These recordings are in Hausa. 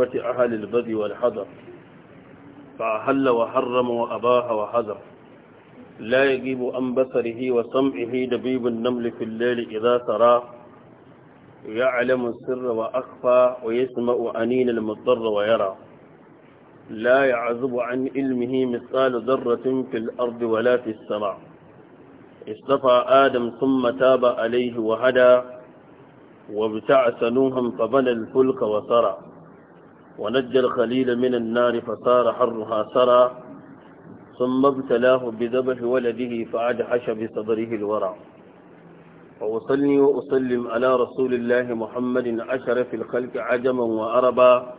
محبة أهل البذي فأحل وحرم وأباها وحذر لا يجيب عن بصره وسمعه دبيب النمل في الليل إذا ترى يعلم السر وأخفى ويسمع أنين المضطر ويرى لا يعزب عن علمه مثقال ذرة في الأرض ولا في السماء اصطفى آدم ثم تاب عليه وهدى وابتعث نوحا فبنى الفلك وسرى ونجى الخليل من النار فصار حرها سرى ثم ابتلاه بذبح ولده فأدحش بصدره الورع فأصلي وأسلم على رسول الله محمد عشر في الخلق عجما وأربا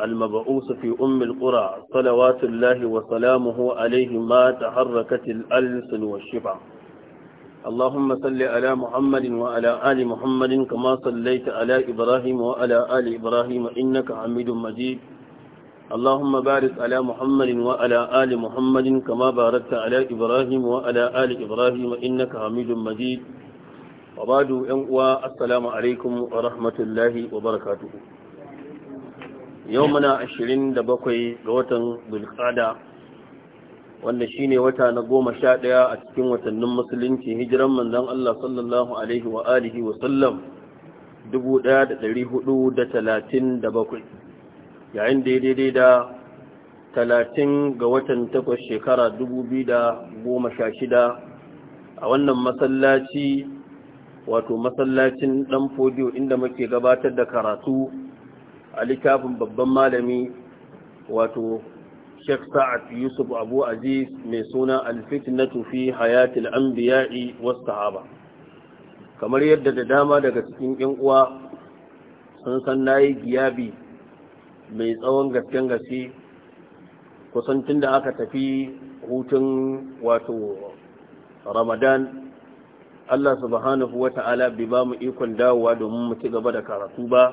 المبعوث في أم القرى صلوات الله وسلامه عليه ما تحركت الألسن والشفع اللهم صل على محمد وعلى آل محمد كما صليت على إبراهيم وعلى آل إبراهيم إنك حميد مجيد اللهم بارك على محمد وعلى آل محمد كما باركت على إبراهيم وعلى آل إبراهيم إنك حميد مجيد وبعد أنقوى السلام عليكم ورحمة الله وبركاته يومنا عشرين دبقي قوة بالقعدة wanda shine wata na goma sha ɗaya a cikin watannin musulunci hijiran manzon Allah sallallahu alaihi wa alihi wa sallam 1437 yayin da daidai da 30 ga watan takwas shekara 2016 a wannan masallaci wato masallacin dan fodiyo inda muke gabatar da karatu a littafin babban malami wato Sheikh Sa'ad Yusuf Abu Aziz mai suna Al-Fitnatu fi Hayatil Anbiya'i was Sahaba kamar yadda da dama daga cikin ƴan uwa sun san nayi giyabi mai tsawon gasken gaske kusan da aka tafi hutun wato Ramadan Allah subhanahu ta'ala bai ba mu ikon dawowa domin mu ci gaba da karatu ba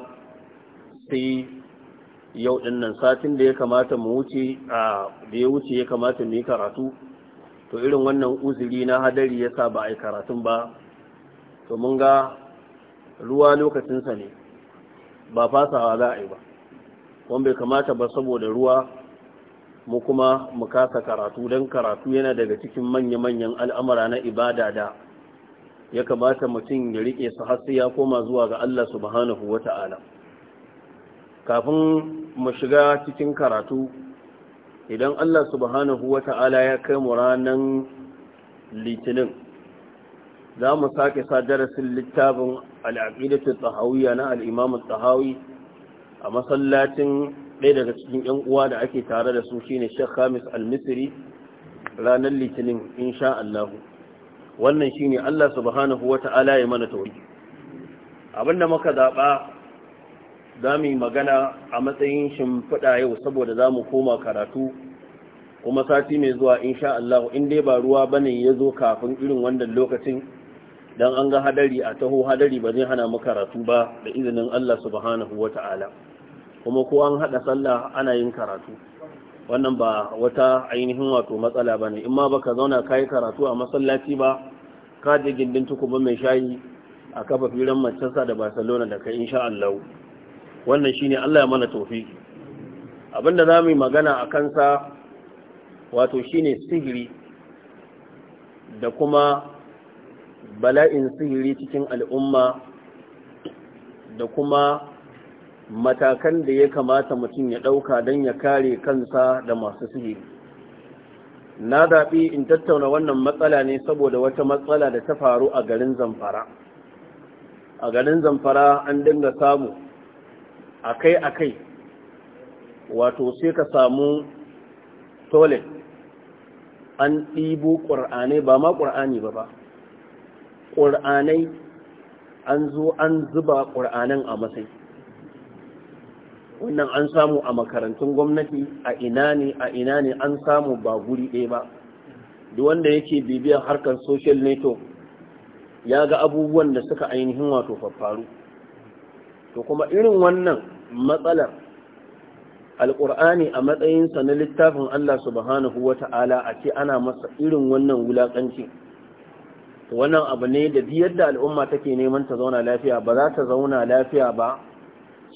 sai yau ɗin nan satin da ya kamata mu wuce a da ya wuce ya kamata mu yi karatu to irin wannan uzuri na hadari ya sa ba a yi karatun ba to mun ga ruwa lokacinsa ne ba fasawa za a yi ba wanda bai kamata ba saboda ruwa mu kuma mu kasa karatu don karatu yana daga cikin manya-manyan al'amura na ibada da ya kamata mutum ya riƙe su har sai ya koma zuwa ga Allah subhanahu wata'ala kafin mu shiga cikin karatu idan Allah subhanahu wa ta'ala ya kai mu ranar litinin za mu sake sa darasin littafin al'aƙidatun tsahawiyya na al'imamun tsahawi a masallacin ɗaya daga cikin ‘yan uwa da ake tare da su shine Sheikh Hamis al-Misri ranar litinin insha Allah wannan shine Allah subhanahu wa ta'ala ya mana tauri abinda muka zaɓa za mu yi magana a matsayin shimfiɗa yau saboda za mu koma karatu kuma sati mai zuwa insha Allah in dai ba ruwa bane ya zo kafin irin wannan lokacin don an ga hadari a taho hadari ba zai hana mu karatu ba da izinin Allah subhanahu ta'ala kuma ko an haɗa sallah ana yin karatu wannan ba wata ainihin wato matsala ba ne in ma baka zauna ka yi karatu a masallaci ba ka je gindin tukuba mai shayi a kafa firan Macasa da Barcelona da kai insha Allah wannan shine Allah ya mana tofi. abinda za zamu magana a kansa wato shine sihiri da kuma bala'in sihiri cikin al'umma da kuma matakan da ya kamata mutum ya ɗauka don ya kare kansa da masu sihiri na zaɓi in tattauna wannan matsala ne saboda wata matsala da ta faru a garin zamfara a garin zamfara an dinga samu akai-akai wato sai ka samu toilet an ɗibo ƙur'anai ba ma ƙur'ani ba ba ƙur'anai an zo an zuba ƙur'anan a matsayi wannan an samu a makarantun gwamnati a ina ne a ina ne an samu ba guri ɗaya ba duk wanda yake bibiyar harkar social network ya ga abubuwan da suka ainihin wato faffaru to kuma irin wannan matsalar alƙur'ani a matsayinsa na littafin Allah subhanahu wa ta'ala a ce ana masa irin wannan wulaƙanci wannan abu ne da yadda al'umma take neman ta zauna lafiya ba za ta zauna lafiya ba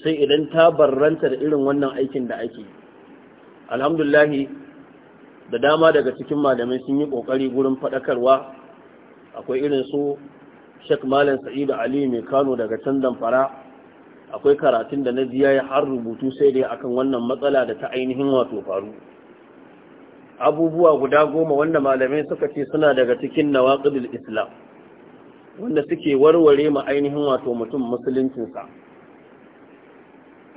sai idan ta barranta da irin wannan aikin da ake alhamdulahi da dama daga cikin malamai sun yi ƙoƙari gurin faɗakarwa akwai irin su Sheik malam sa'idu ali mai kano daga can damfara akwai karatun da na biya ya har rubutu sai dai akan wannan matsala da ta ainihin wato faru abubuwa guda goma wanda malamai suka ce suna daga cikin nawaqidul islam wanda suke warware ma ainihin wato mutum musuluncinsa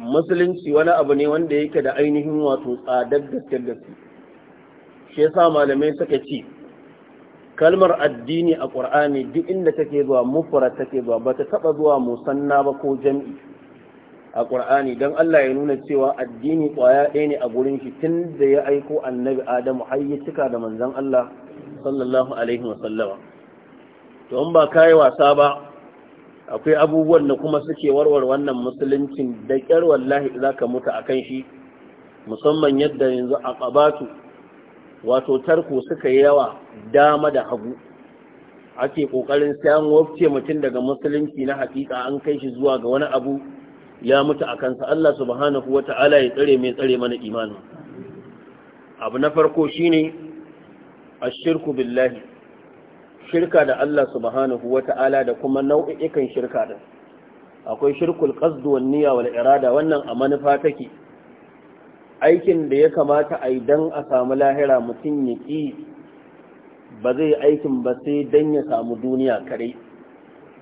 musulunci wani abu ne wanda yake da ainihin wato tsadar da gaske shi yasa malamai suka ce kalmar addini a ƙur'ani duk inda take zuwa mufrad take zuwa bata taba zuwa musanna ba ko jam'i a ƙur'ani don Allah ya nuna cewa addini ƙwaya ɗaya ne a gurin shi tun da ya aiko annabi Adamu har ya cika da manzon Allah sallallahu alaihi wasallama to in ba yi wasa ba akwai abubuwan da kuma suke warwar wannan musuluncin da ƙyar wallahi za ka mutu a kan shi musamman yadda yanzu a ƙabatu wato tarko suka yi yawa dama da hagu ake ƙoƙarin sayan wafce mutum daga musulunci na hakika an kai shi zuwa ga wani abu ya mutu a kansa Allah subhanahu wa ta'ala ya tsare mai tsare mana imanin abu na farko shi ne a shirku billahi shirka da Allah subhanahu wa ta'ala da kuma nau'ikan shirka da akwai shirkul qasd wan niyya irada wannan a manufa take aikin da ya kamata a idan a samu lahira mutum ya ƙi ba zai aikin ba sai dan ya samu duniya kare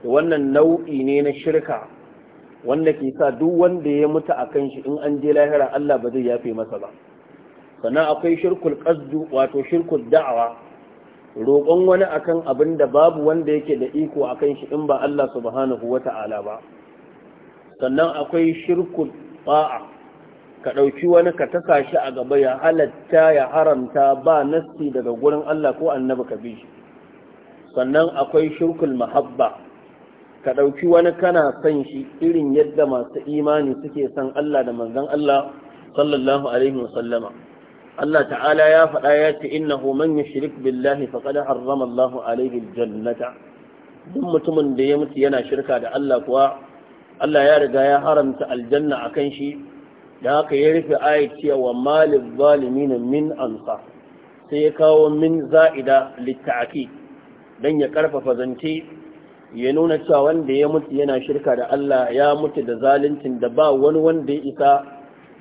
wannan nau'i ne na shirka wanda ke sa duk wanda ya mutu a kan shi in an je lahira Allah ba zai yafe masa ba sannan akwai shirkul kasdu, wato shirkul da'awa roƙon wani akan abin da babu wanda yake da iko akan shi in ba Allah subhanahu wata'ala ba sannan akwai shirkul ba'a ka ɗauki wani ka taka shi a gaba ya halatta ya haramta ba nasti daga gurin Allah ko annabi ka bi shi sannan akwai shirkul mahabba ka ɗauki wani kana son shi irin yadda masu imani suke son Allah da manzon Allah sallallahu alaihi wasallama Allah ta'ala ya faɗa ya ce innahu man yushrik billahi faqad harrama Allahu alaihi aljannata duk mutumin da ya mutu yana shirka da Allah kuwa Allah ya riga ya haramta aljanna akan shi da haka ya rufe ayat cewa malil zalimin min ansa sai ya kawo min za'ida litta'aki dan ya karfafa zance ya nuna cewa wanda ya mutu yana shirka da Allah ya mutu da zaluncin da ba wani wanda ya isa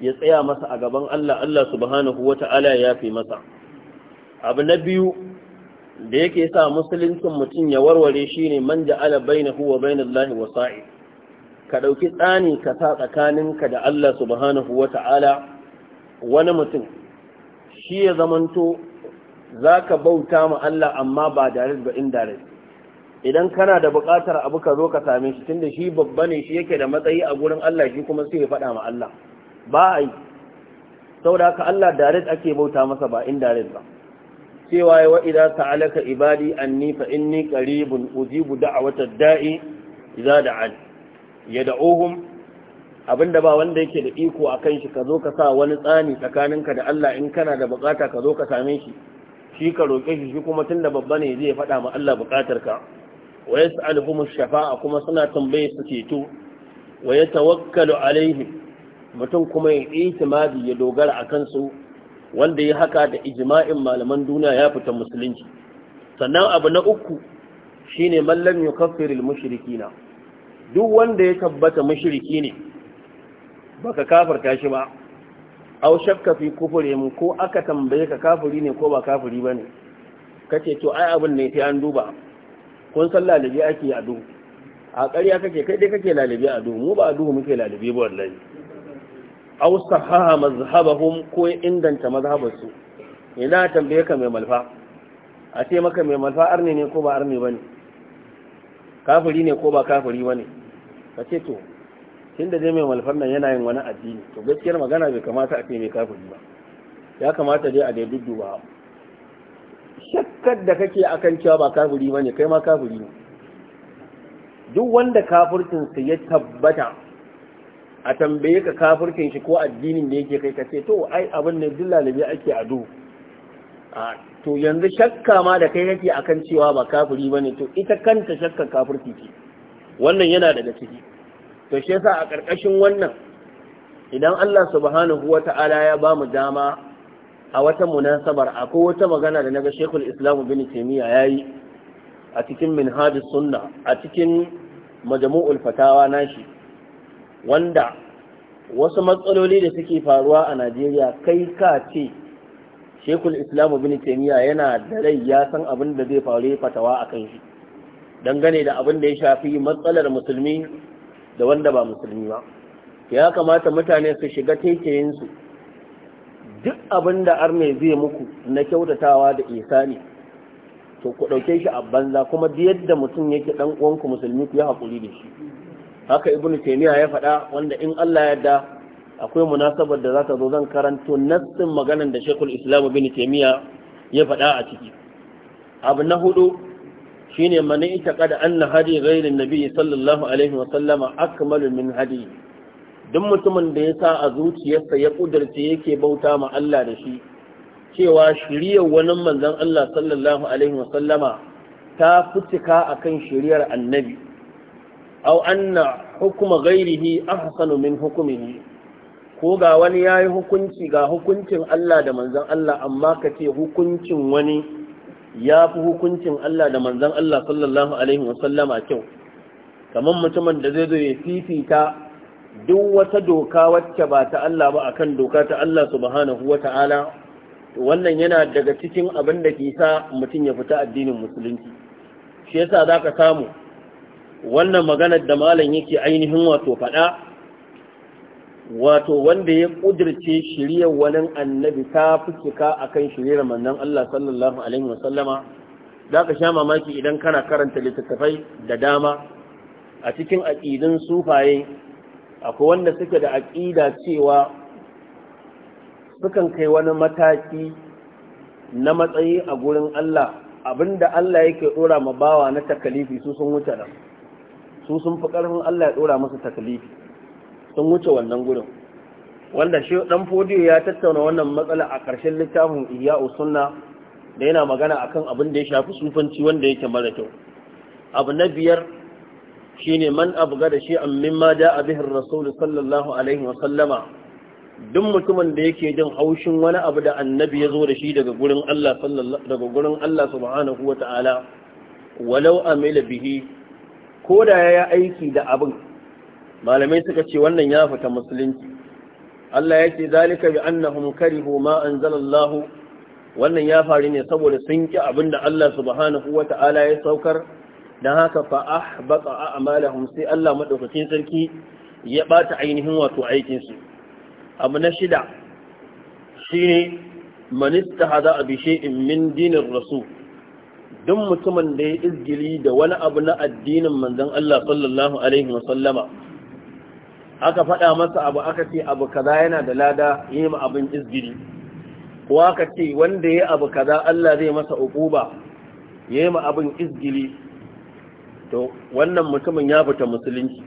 ya tsaya masa a gaban Allah Allah subhanahu wata'ala ya fi masa abu na biyu da yake sa musuluncin mutum ya warware shi ne man ja'ala bainahu wa bainallahi wasa'i ka dauki tsani ka sa tsakaninka da Allah subhanahu wata'ala wani mutum shi ya zamanto zaka bauta ma Allah amma ba direct ba indirect idan kana da buƙatar abu ka zo ka same shi tunda shi babba ne shi yake da matsayi a gurin Allah shi kuma sai ya faɗa ma Allah ba a yi saboda haka Allah direct ake bauta masa ba indirect ba cewa wa idza ta'alaka ibadi anni fa inni qaribun ujibu da'watad da'i idza da'an yad'uhum abinda ba wanda yake da iko akan shi ka zo ka sa wani tsani tsakaninka da Allah in kana da buƙata ka zo ka same shi shi ka roƙe shi shi kuma tunda babba ne zai faɗa ma Allah buƙatarka wa yas'aluhum shafa'a kuma suna tambaye su ceto wa yatawakkalu alaihim mutum kuma ya itimadi ya dogara a su wanda ya haka da ijima'in malaman duniya ya fita musulunci sannan abu na uku shine mallam yukaffirul mushrikina duk wanda ya tabbata mushriki ne baka kafarta shi ba aw shakka fi kufrihim ko aka tambaye ka kafuri ne ko ba kafiri bane kace to ai abin ne sai an duba kun san lalibi ake a duhu a ƙarya kake kai dai kake lalibi a duhu mu ba a duhu muke lalibi ba wallahi aw sahaha mazhabahum ko mazhabar mazhabarsu ina tambaye ka mai malfa a ce maka mai malfa arne ne ko ba arne bane kafiri ne ko ba kafiri bane ka ce to tunda dai mai malfan nan yana yin wani addini to gaskiyar magana bai kamata a ce mai kafiri ba ya kamata dai a dai dudduba shakkar da kake a kan cewa ba kafiri bane kai ma kafiri ne duk wanda kafircinsa ya tabbata a tambaye ka kafircin shi ko addinin da yake kai ka to ai abin ne duk lalabe ake ado a to yanzu shakka ma da kai kake akan cewa ba kafiri bane to ita kanta shakkar kafirci ce wannan yana daga ciki to shi yasa a ƙarƙashin wannan idan Allah subhanahu wata'ala ya ba mu dama a wata munasabar akwai wata magana da naga Sheikhul Islam bin Taymiyyah yayi a cikin Minhaj Sunna a cikin Majmu'ul Fatawa nashi wanda wasu matsaloli da suke faruwa a Najeriya kai ka ce Sheikhul Islam bin Taymiyyah yana da rai ya san abin da zai faru fatawa akan shi dangane da abin da ya shafi matsalar musulmi da wanda ba musulmi ba ya kamata mutane su shiga taitayinsu duk abin da arne zai muku na kyautatawa da isani to ku dauke shi a banza kuma duk yadda mutum yake dan uwanku musulmi ku ya hakuri da shi haka ibnu taymiya ya faɗa wanda in Allah ya da akwai munasabar da zaka zo zan karanto nassin maganan da Sheikhul Islam Ibn Taymiya ya faɗa a ciki abu na hudu shine man kada anna hadi ghayrin nabiy sallallahu alaihi wa sallama akmalu min hadi duk mutumin da ya sa a zuciyarsa ya ƙudurce yake bauta ma Allah da shi cewa shiriyar wani manzon Allah sallallahu alaihi wasallama ta fitika akan shiriyar annabi aw anna hukuma ghairihi ahsanu min hukumihi ko ga wani yayi hukunci ga hukuncin Allah da manzon Allah amma ka ce hukuncin wani ya fi hukuncin Allah da manzon Allah sallallahu alaihi wasallama kyau kamar mutumin da zai zo ya fifita duk wata doka wacce ba ta Allah ba akan doka ta Allah subhanahu wata'ala wannan yana daga cikin abin da ke sa mutum ya fita addinin musulunci shi yasa zaka samu wannan maganar da malam yake ainihin wato faɗa wato wanda ya ƙudirce shiryar wani annabi ta fuskika a kan shiryar mannan Allah sallallahu Alaihi wa za ka sha mamaki idan kana karanta littattafai da dama a cikin aƙidin sufaye akwai wanda suke da aƙida cewa sukan kai wani mataki na matsayi a gurin Allah abinda Allah yake ɗora ma bawa na takalifi su sun wuce da, su sun fi ƙarfin Allah ya ɗora masa takalifi sun wuce wannan gurin wanda shi ɗan fodiyo ya tattauna wannan matsala a ƙarshen littafin iya sunna da yana magana akan abin da ya shafi sufanci wanda yake mara kyau abu na biyar Shi ne man abga da shi an mimma da abihin rasulu sallallahu alaihi wasallama duk mutumin da yake jin haushin wani abu da annabi ya zo da shi daga gurin Allah daga gurin Allah subhanahu wa ta'ala walau amila bihi ko da ya aiki da abin malamai suka ce wannan ya fita musulunci Allah ya ce zalika bi annahum karihu ma anzalallahu wannan ya faru ne saboda sun ki abin da Allah subhanahu wa ta'ala ya saukar don haka fa ahbata a'malahum sai Allah madaukakin sarki ya bata ainihin wato aikin su abu na shida shine man a bi shay'in min dinir rasul duk mutumin da ya izgili da wani abu na addinin manzon Allah sallallahu alaihi aka faɗa masa abu aka ce abu kaza yana da lada yi ma abin izgili Kuwa ka ce wanda ya abu kaza Allah zai masa uquba yi ma abin izgili to wannan mutumin ya fita musulunci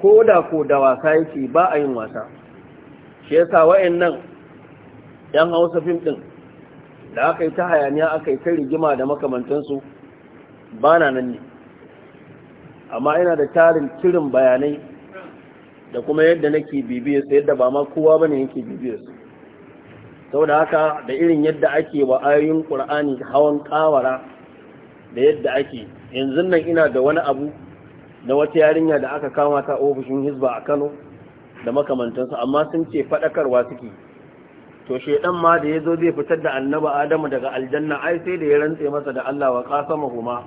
ko da ko da wasa yake ba a yin wasa shi yasa wayannan yan Hausa fim din da aka yi ta hayaniya aka yi ta rigima da makamantansu ba na nan ne amma ina da tarin kirin bayanai da kuma yadda nake bibiyar su yadda ba ma kowa ba ne yake bibiyar su saboda haka da irin yadda ake wa ayoyin ƙur'ani hawan ƙawara da yadda ake yanzu nan ina da wani abu na wata yarinya da aka kama ta ofishin hizba a kano da makamantansu amma sun ce faɗakarwa suke to shedan ma da yazo zai fitar da annaba adamu daga aljanna ai sai da ya rantse masa da Allah wa qasama kuma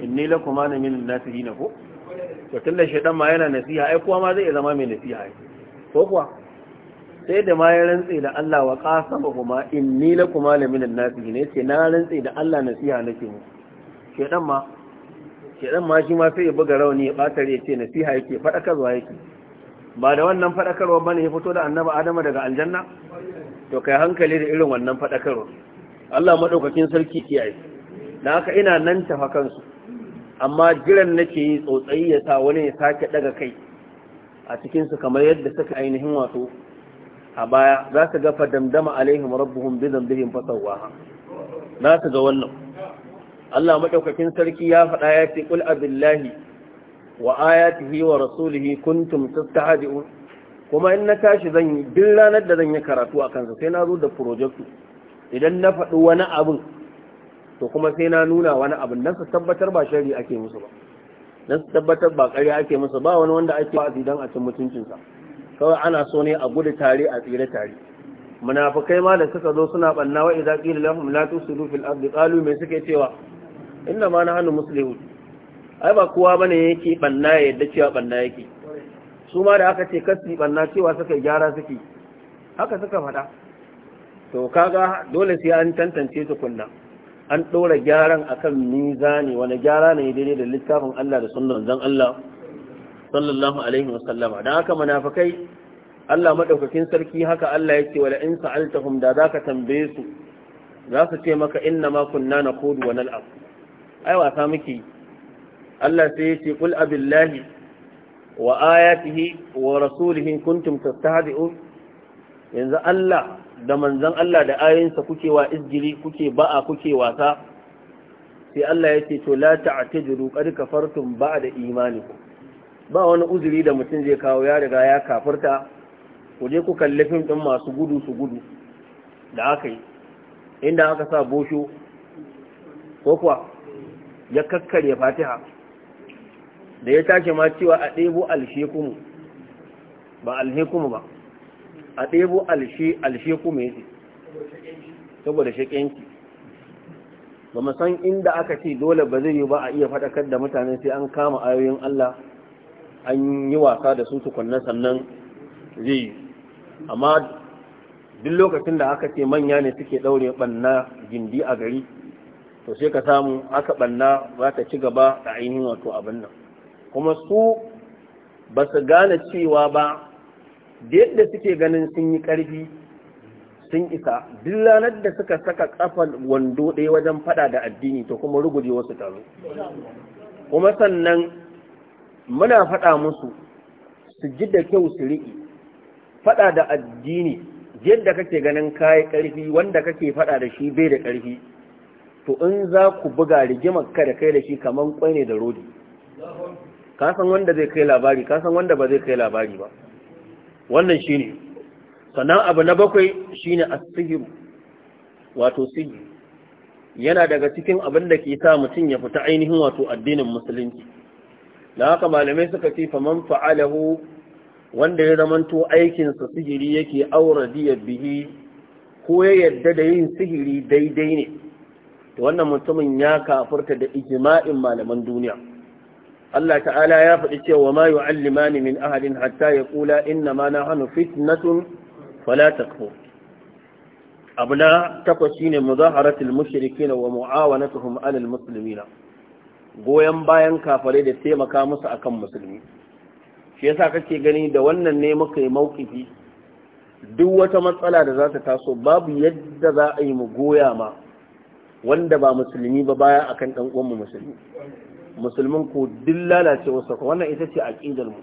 inni lakuma na min na ko to tunda shedan ma yana nasiha ai kuwa ma zai zama mai nasiha ko kuwa sai da ma ya rantse da Allah wa qasama kuma inni lakuma na min nasihin yace na rantse da Allah nasiha nake mu shedan ma shedan ma shi ma sai ya buga rauni ya batar ya ce nasiha yake fadakarwa yake ba da wannan fadakarwa bane ya fito da annaba adama daga aljanna to kai hankali da irin wannan fadakarwa Allah madaukakin sarki kiyaye dan haka ina nan tafa kansu amma jiran nake yi tsotsayi ya sa wani ya sake daga kai a cikin su kamar yadda suka ainihin wato a baya za su ga fadamdama alaihim rabbuhum bi dhanbihim fasawaha za su ga wannan Allah maɗaukakin sarki ya faɗa ya ce qul abillahi wa ayatihi wa rasulihi kuntum tastahdi'un kuma in na tashi zan yi duk ranar da zan yi karatu a kansa sai na zo da project idan na faɗi wani abin to kuma sai na nuna wani abin nan su tabbatar ba shari ake musu ba nan su tabbatar ba ƙarya ake musu ba wani wanda ake wa don a cin mutuncinsa kawai ana so ne a gudu tare a tsire tare Munafukai ma da suka zo suna banna wa idza qila lahum la tusidu fil ardi qalu me suke cewa inda ma na hannu musulmi ai ba kowa bane yake banna ya yadda cewa banna yake su ma da aka ce kasu banna cewa suka gyara suke haka suka faɗa to kaga dole sai an tantance su kunna. an ɗora gyaran akan mizani wani gyara ne daidai da littafin Allah da sunan zan Allah sallallahu alaihi sallama. don haka munafikai Allah madaukakin sarki haka Allah yake wala in sa'altahum da zaka tambaye su za su ce maka inna ma kunna naqudu wa nal'ab ai wasa muke Allah sai ya ce qul abillahi wa ayatihi wa rasulihi kuntum tastahzi'un yanzu Allah da manzon Allah da ayoyinsa kuke wa izgiri kuke ba'a kuke wasa sai Allah ya ce to la ta'tajiru qad kafartum ba'da imanikum ba wani uzuri da mutum zai kawo ya riga ya kafarta ku je ku kalli fim din masu gudu su gudu da aka yi inda aka sa bosho ko kuwa ya kakkare fatiha da ya tashi ma cewa a ɗebo alshekumu ba alshekumu ba a ɗebo alshekumu ya ce saboda shaƙenki ba san inda aka ce dole ba zai yi ba a iya faɗakar da mutane sai an kama ayoyin Allah an yi wasa da su tukunna sannan zai yi amma duk lokacin da aka ce manya ne suke ɗaure ɓanna gindi a gari to sai ka samu aka banna za ta ci gaba da ainihin wato abin nan kuma su ba su gane cewa ba da yadda suke ganin sun yi ƙarfi sun isa duk ranar da suka saka kafan wando ɗaya wajen fada da addini to kuma ruguje wasu taro kuma sannan muna fada musu su ji da kyau su riƙi fada da addini yadda kake ganin kayi ƙarfi wanda kake fada da shi bai da ƙarfi to in za ku buga rigimar kada kai da shi kaman kwai ne da rodi ka wanda zai kai labari ka wanda ba zai kai labari ba wannan shi ne. sannan abu na bakwai shi ne a sihiru, wato sihr yana daga cikin abin da ke sa mutum ya fita ainihin wato addinin musulunci da haka malamai suka ce faman fa'alahu wanda ya zamanto aikinsa sihiri yake aura diyar bihi ko ya yarda da yin sihiri daidai ne to wannan mutumin ya kafurta da ijma'in malaman duniya Allah ta'ala ya faɗi cewa ma yu'allimani min ahadin hatta yaqula inna ma nahnu fitnatun fala takfur abu na takwas shine muzaharatul mushrikin wa mu'awanatuhum 'alal musulmina. Goyon bayan kafare da taimaka musu akan musulmi shi yasa kake gani da wannan ne muka yi maukifi duk wata matsala da za ta taso babu yadda za a yi mu goya ma wanda ba musulmi ba baya akan dan uwan mu musulmi musulmin ku duk lalace wasu wannan ita ce aqidar mu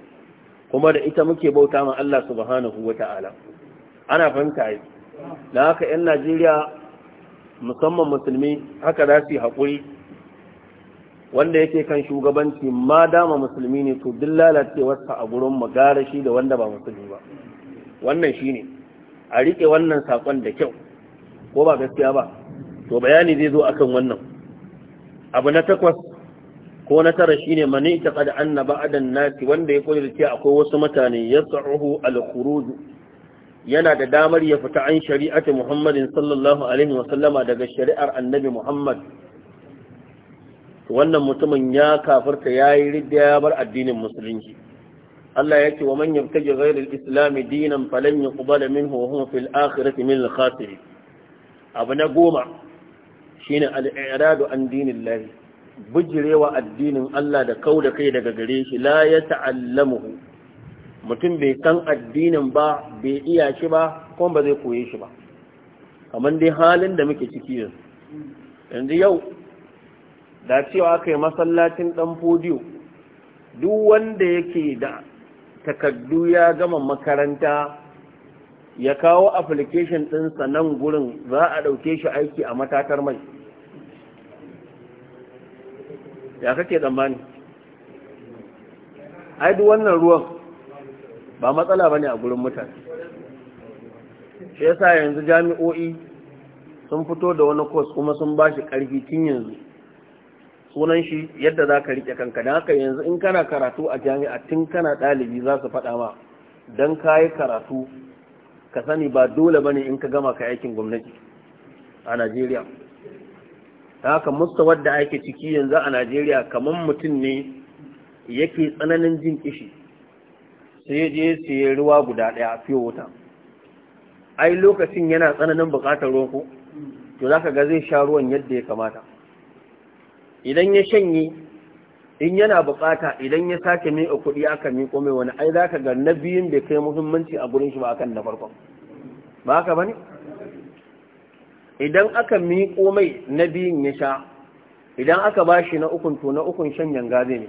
kuma da ita muke bauta ma Allah subhanahu wata'ala ana fahimta yi da haka yan Najeriya musamman musulmi haka za su yi haƙuri wanda yake kan shugabanci ma dama musulmi ne to duk lalacewarsa a gurin magarashi shi da wanda ba musulmi ba wannan shi ne a riƙe wannan saƙon da kyau ko ba gaskiya ba to bayani zai zo akan wannan abu na takwas ko na tara shine mani ta qad anna ba'dan nasi wanda ya ce akwai wasu mutane yas'uhu al-khuruj yana da damar ya fita an shari'ati Muhammadin sallallahu alaihi wa sallama daga shari'ar Annabi Muhammad wannan mutumin ya kafirta yi ridda ya bar addinin musulunci Allah ya ce wa man yabtaji ghayra al-islam dinan falan yuqbal minhu wa huwa fil akhirati min al-khasirin abu na goma shine al-i'radu an dinillahi bujirewa addinin Allah da kauda kai daga gare shi la ya ta'allamuhu mutum bai san addinin ba bai iya shi ba kuma ba zai koye shi ba kamar dai halin da muke ciki yanzu yau da cewa kai masallacin dan fodiyo duk wanda yake da takaddu ya gama makaranta ya kawo application ɗinsa nan gurin za a ɗauke shi aiki a matakar mai ya kake tsammani ai duk wannan ruwan ba matsala bane a gurin mutane shi yasa yanzu jami'o'i sun fito da wani kos kuma sun ba shi karfi tun yanzu sunan shi yadda za ka riƙe kanka don haka yanzu in kana karatu a jami'a tun kana ɗalibi za su faɗa ma don ka karatu ka sani ba dole ba ne in ka gama ka aikin gwamnati a najeriya ta haka mustawar da ake ciki yanzu a najeriya kamar mutum ne yake tsananin jin kishi sai je sai ruwa guda daya fiye wuta ai lokacin yana tsananin bukatar ruwan ku to za ka ga zai sha ruwan yadda ya kamata idan ya shanye in yana bukata idan ya sake mai a kuɗi aka miƙo mai wani ai za ka ga na biyun bai kai muhimmanci a gurin shi ba akan na farko ba haka ba idan aka miƙo mai na biyun ya sha idan aka ba shi na ukun to na ukun shan yanga zai ne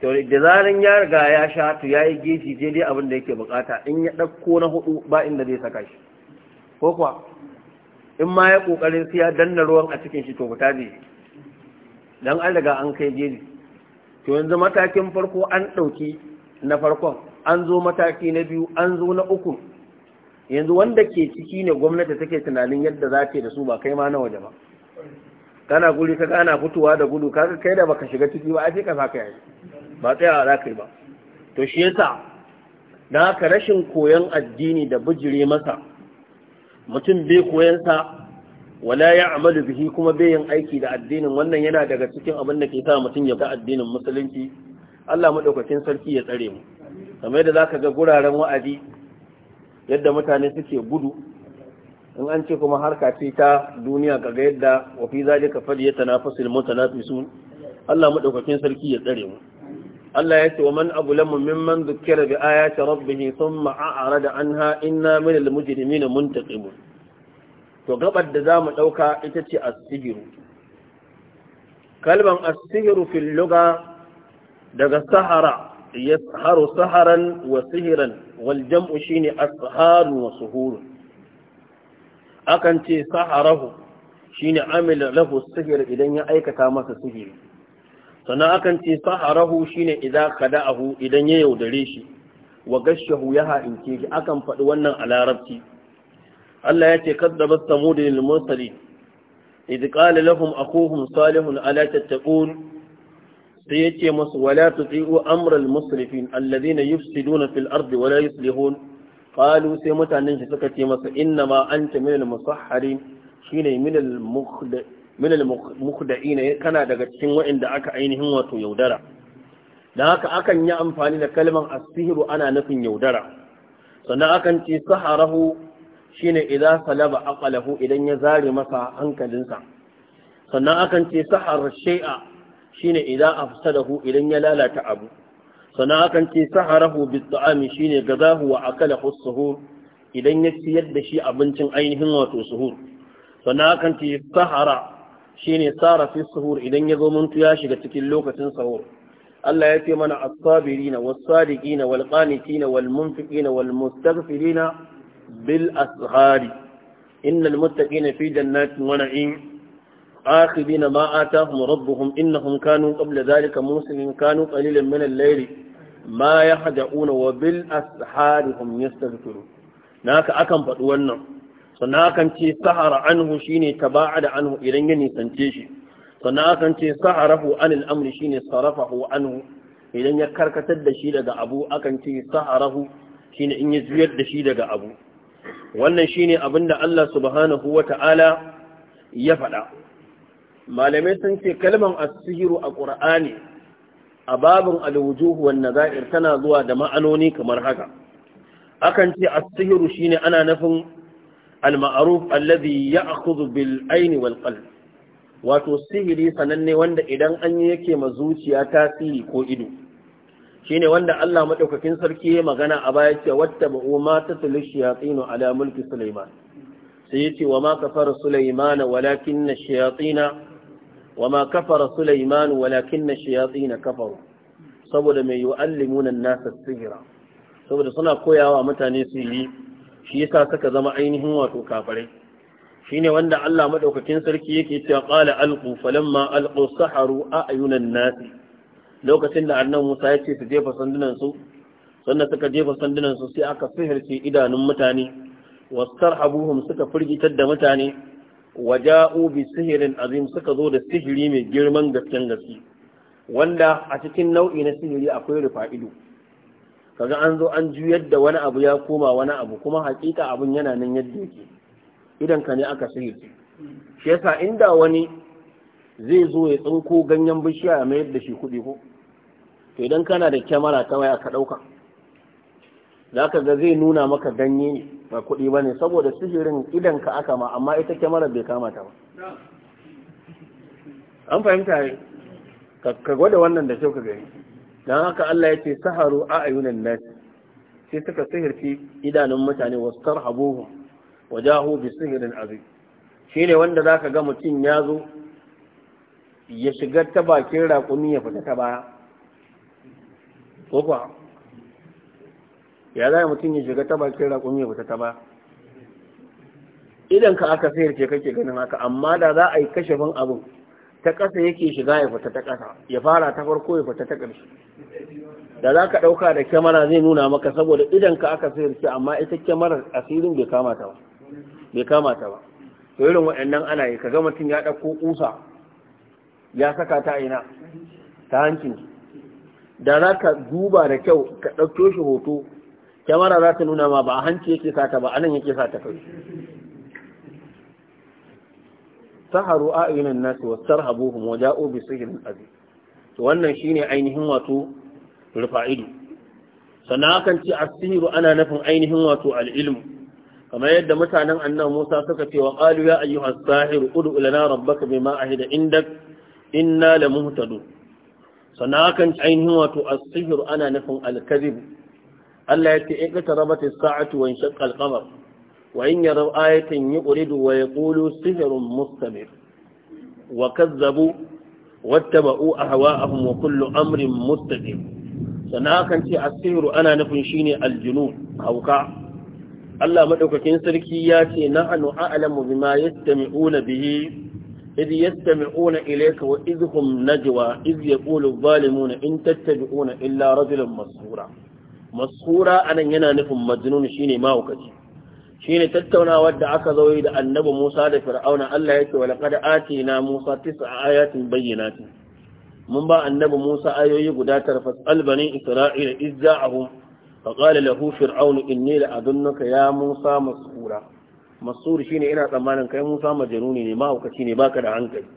to da zaran ya riga ya sha to ya yi geji je abin da yake bukata in ya ɗauko na hudu ba inda zai saka shi ko kuwa in ma ya ƙoƙarin siya ya danna ruwan a cikin shi to fita zai dan an riga an kai geji to yanzu matakin farko an ɗauki na farkon an zo mataki na biyu an zo na uku yanzu wanda ke ciki ne gwamnati take tunanin yadda za ta da su ba kai ma na waje ba kana guri ka kana fitowa da gudu kaga kai da baka shiga ciki ba a ce ka saka yayi ba tsayawa za ka ba to shi yasa da ka rashin koyon addini da bijire masa mutum bai koyon sa wala ya amalu bihi kuma bai yin aiki da addinin wannan yana daga cikin abin da ke sa mutum ya ga addinin musulunci Allah madaukakin sarki ya tsare mu kamar yadda zaka ga guraren wa'azi yadda mutane suke gudu in an ce kuma harka ce ta duniya kaga yadda wa fi zalika falyatanafasul mutanafisun Allah madaukakin sarki ya tsare mu Allah ya ce wa man abulamu mimman zukkira bi ayati rabbih thumma a'rada anha inna minal mujrimina muntaqimun to gabar da zamu dauka ita ce as kalban as-sihru fil lugha daga sahara yasharu saharan wa sihiran wal jam'u shine asharu wa suhuru akan ce saharahu shine amila lahu sihir idan ya aikata masa sihiri sannan akan ce saharahu shine idza khada'ahu idan ya yaudare shi wa gashahu ya ha'ince ke, akan faɗi wannan a larabci Allah ya ce kaddabat samud lil mursalin idh qala lahum akuhum salihun ala tattaqun sai ya ce musu wala tuti'u amral musrifin alladhina yufsiduna fil ardi wala yuslihun falu sai mutanen shi suka ce masa inna ma an min al musahharin shine min al mukhda kana daga cikin waɗanda aka ainihin wato yaudara Da haka akan yi amfani da kalmar asihiru ana nufin yaudara sannan akan ce saharahu ne idan salaba aqalahu idan ya zare masa hankalinsa sannan akan ce sahar shai'a. shine idan afsadahu idan ya lalata abu sana akan ce saharahu bi ta'ami shine gazahu wa akalahu suhur idan ya ciyar da shi abincin ainihin wato suhur sana akan ce sahara shine sara fi suhur idan ya zo muntu ya shiga cikin lokacin suhur Allah ya ce mana as-sabirina was-sadiqina wal-qanitina wal-munfiqina wal-mustaghfirina bil ashari innal muttaqina fi jannatin wa na'im آخذين ما آتاهم ربهم إنهم كانوا قبل ذلك موسلين كانوا قليلا من الليل ما يهدعون وبالأسحار هم يستغفرون ناك أكم فتوانا سناك انتي سحر عنه شيني تباعد عنه إليني سنتيشي سناك انتي سحره عن الأمر شيني صرفه عنه إلين يكرك تدشي لدى أبو أكنتي سحره شيني إن يزوير دشي لدى أبو wannan shine abinda Allah subhanahu wata'ala ya faɗa malamai sun ce kalman asihiru a ƙur'ani a babin alwujuhu wan nazair tana zuwa da ma'anoni kamar haka akan ce asihiru shine ana nufin al allazi alladhi ya'khudhu bil aini wal qalb wato sihiri sananne wanda idan an yi yake ma zuciya tasiri ko ido shine wanda Allah madaukakin sarki ya magana a baya ce wattaba ma tatlu shayatin ala mulki sulaiman sai yace wa ma kafara sulaiman walakin ash wa ma kafara Sulaiman walakinna shayatin kafaru saboda mai yu'allimuna an-nasa sihra saboda suna koyawa mutane sihiri shi yasa suka zama ainihin wato kafirai shine wanda Allah madaukakin sarki yake cewa qala alqu falamma alqu saharu ayunan nasi lokacin da annan Musa ya ce su jefa sandunan su sannan suka jefa sandunan su sai aka sihirce idanun mutane wastarhabuhum suka firgitar da mutane waja'u bi sihirin azim suka zo da sihiri mai girman gasken gaske wanda a cikin nau'i na sihiri akwai rufa ido kaga an zo an juyar da wani abu ya koma wani abu kuma hakika abun yana nan yadda yake idan ka ne aka sihirci shi yasa inda wani zai zo ya tsinko ganyen bishiya ya mayar da shi kuɗi ko to idan kana da kyamara ta waya ka ɗauka za ka ga zai nuna maka ganye ne ba kuɗi ba ne saboda sihirin idan ka aka ma amma ita kyamarar bai kamata ba an fahimta ne ka gwada wannan da kyau ka gani don haka Allah ya ce saharu a ayunan nas sai suka sihirci idanun mutane wasu tarhabuhu wajahu bi sihirin Shi ne wanda za ka ga mutum ya zo ya shiga ta bakin raƙumi ya fita ta baya ko kuwa ya za mutum ya shiga ta bakin raƙon ya fita ta ba idan ka aka sayar ce kake ganin haka amma da za a yi kashefin abin ta ƙasa yake shiga ya fita ta ƙasa ya fara ta farko ya fita ta ƙarshe da za ka ɗauka da kyamara zai nuna maka saboda idan ka aka sayar ce amma ita kyamarar asirin bai kama ta ba bai kamata ba to irin waɗannan ana yi ka gama mutum ya ɗauko ƙusa ya saka ta ina ta hancin da za ka duba da kyau ka ɗauko shi hoto kyamara za ta nuna ma ba a hanci yake sata ba a nan yake sata kai saharu a'yunan nas wa sarhabuhum wa ja'u bi sihrin azim to wannan shine ainihin wato rufa'idu sannan akan ce asiru ana nufin ainihin wato al'ilmu. kamar yadda mutanen annan Musa suka ce wa ƙalu ya ayyuha as-sahir ud'u lana rabbaka bima ahida inda inna lamuhtadun sannan hakan ainihin wato a sihr ana nufin al-kadhib Allah ya ce in ka rabata sa'atu wa shaqqa al-qamar wa in yaraw ayatan yuridu wa yaqulu sihrun mustamir wa kazzabu wattaba'u ahwa'ahum wa kullu amrin mustaqim sana kan ce asiru ana nufin shine aljinu hauka Allah madaukakin sarki ya ce na'anu a'lamu bima yastami'una bihi إذ يستمعون إليك وإذ هم نجوى إذ يقول الظالمون إن تتبعون إلا رجلا مسحورا masura anan yana nufin majnun shine mahaukaci shine tattaunawar da aka zo da annabi Musa da Fir'auna Allah yake wa laqad atina Musa tis'a ayatin bayyinatin mun ba annabi Musa ayoyi guda tara fasal bani Isra'ila izza'ahum fa qala lahu fir'aunu inni la'adunnaka ya Musa masura masur shine ina tsammanin kai Musa majnuni ne mahaukaci ne baka da hankali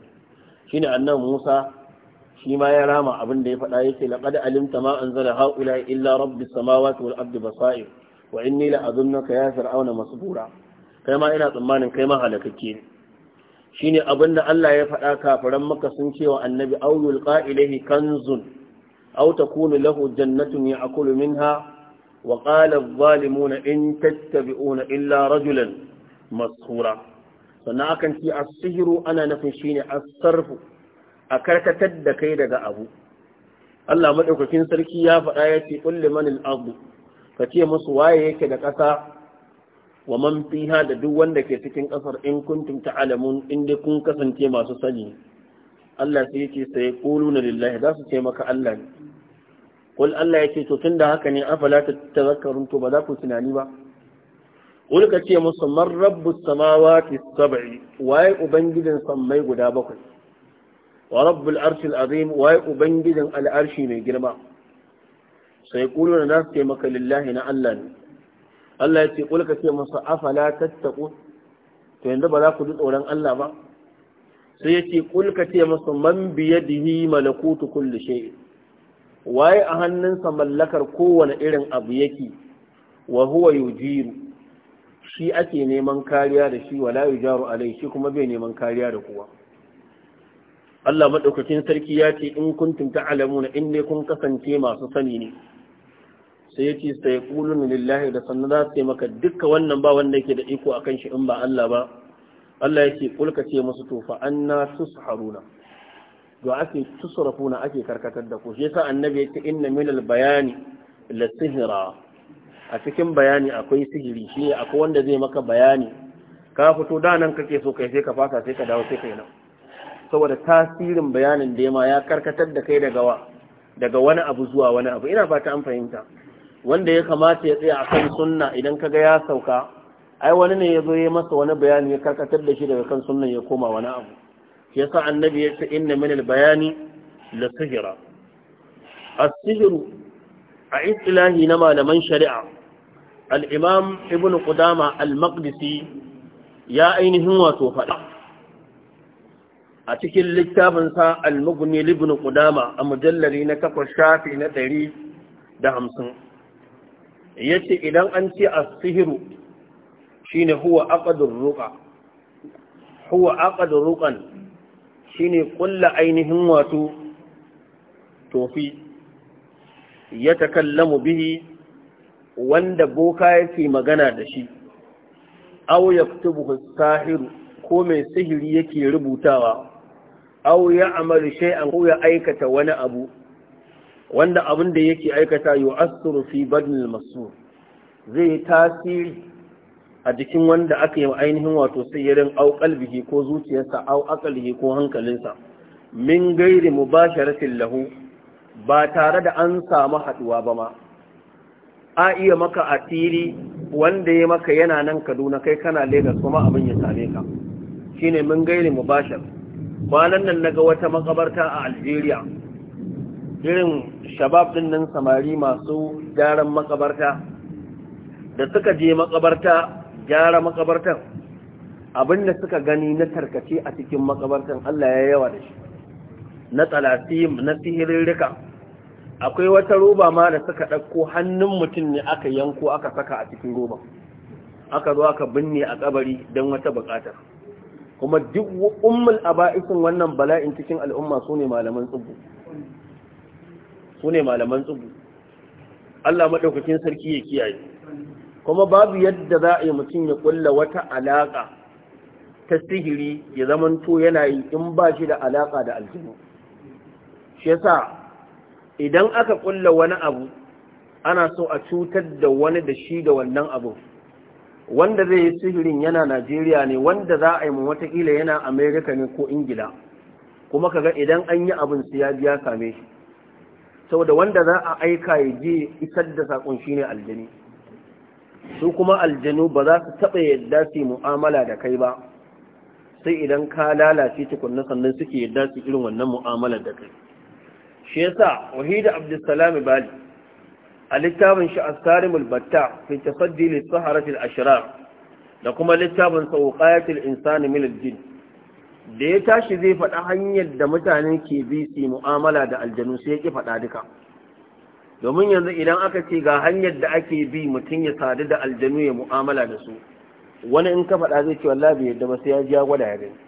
shine annabi Musa shi ma ya rama abin da ya faɗa yake laqad alimta ma anzala haula illa rabbi samawati wal ardi basair wa inni la azunnaka ya fir'auna masbura kai ma ina tsammanin kai ma halakakke ne shine abin da Allah ya faɗa kafiran maka sun ce wa annabi aw yulqa ilayhi kanzun aw takunu lahu jannatun ya'kulu minha wa qala adh-dhalimuna in tattabi'una illa rajulan mashura sannan akan ci as-sihru ana nufin shine as-sarfu a karkatar da kai daga abu Allah maɗaukakin sarki ya faɗa ya ce kulli manil abu. ka ce musu waye yake da ƙasa wa man fiha da duk wanda ke cikin ƙasar in kuntum ta'lamun in dai kun kasance masu sani Allah sai yake sai quluna lillahi za su ce maka Allah ne qul Allah yake to tunda haka ne afala tazakkarun to ba za ku tunani ba wani ka ce musu man rabbus samawati sab'i waye ubangijin sammai guda bakwai wa rabbul arshil azim wa ubangijin al'arshi mai girma sai kuluna za su taimaka lillahi na Allah ne Allah ya ce ka ce masa afala tattaku to yanzu ba za ku ji tsoran Allah ba sai ya ce ka ce masa man biyadihi malakutu kulli shay waye a hannunsa mallakar kowane irin abu yake wa huwa shi ake neman kariya da shi wala yujaru alai shi kuma bai neman kariya da kowa Allah maɗaukakin sarki ya ce in kuntum na in ne kun kasance masu sani ne sai ce sai qulun lillahi da sannan za su maka dukkan wannan ba wanda yake da iko akan shi in ba Allah ba Allah ce kulka ce musu to fa anna tusharuna to ake tusrafuna ake karkatar da ku shi yasa annabi yace inna minal bayani la sihra a cikin bayani akwai sihiri shi akwai wanda zai maka bayani ka fito da nan kake so kai sai ka fasa sai ka dawo sai kai nan saboda tasirin bayanin da ma ya karkatar da kai daga wa daga wani abu zuwa wani abu ina fata an fahimta wanda ya kamata ya tsaya akan sunna idan kaga ya sauka ai wani ne ya zo ya masa wani bayani ya karkatar da shi daga kan sunnan ya koma wani abu yasa annabi ya ce inna min al-bayani la sihra as-sihru a istilahi na malaman shari'a al-imam ibnu qudama al-maqdisi ya ainihin wato fada a cikin littafinsa al-mughni ibn qudama a mujallari na kafar shafi na ɗari da hamsin yace idan an ce as-sihru shine huwa aqdur ruqa huwa aqdur ruqan shine kulla ainihin wato tofi ya takallamu bihi wanda boka yake magana da shi aw yaktubu as-sahiru ko mai sihiri yake rubutawa aw ya'malu shay'an ko ya aikata wani abu wanda abin da yake aikata yu'assiru fi badnil masur zai tasiri a jikin wanda aka yi ainihin wato sayyarin au qalbihi ko zuciyarsa au aqlihi ko hankalinsa min gairi mubasharatin lahu ba tare da an samu haduwa ba ma a iya maka asiri wanda ya maka yana nan kaduna kai kana Legas kuma abin ya same ka shine min gairi mubashar kwanan nan naga wata makabarta a algeria irin shabab din nan samari masu gyaran makabarta da suka je makabarta gyara makabartan abinda suka gani na tarkace a cikin makabartan allah ya yawa da shi na talatim na sihirirrika akwai wata roba ma da suka ɗauko hannun mutum ne aka yanko aka saka a cikin roba aka zo aka binne a kabari don wata buƙatar kuma duk ummul aba'isin wannan bala'in cikin al'umma su malaman tsubu su malaman tsubu Allah maɗaukacin sarki ya kiyaye kuma babu yadda za a yi mutum ya kulla wata alaƙa ta sihiri ya zamanto yana yi in ba shi da alaƙa da aljinu shi yasa idan aka ƙulla wani abu ana so a cutar da wani da shi da wannan abu wanda zai yi sihirin yana najeriya ne wanda za a yi mu watakila yana amerika ne ko ingila kuma ka ga idan an yi abin ya biya same shi saboda wanda za a aika ya je isar da sakon shi ne aljani su kuma aljanu ba za su taɓa yadda su mu'amala da kai ba sai idan ka lalace tukunna sannan suke yadda su irin wannan mu'amalar da kai shi yasa wahida abdulsalam bali a littafin shi askarimul batta fi tasaddi mai saharatil ashira, da kuma littafin sauqayatil insani min aljin da ya tashi zai faɗa hanyar da mutane ke bi su mu'amala da aljanu sai ya ki faɗa duka domin yanzu idan aka ce ga hanyar da ake bi mutum ya sadu da aljanu ya mu'amala da su wani in ka faɗa zai ce wallahi bai yadda ba sai ya ji ya gwada ya gani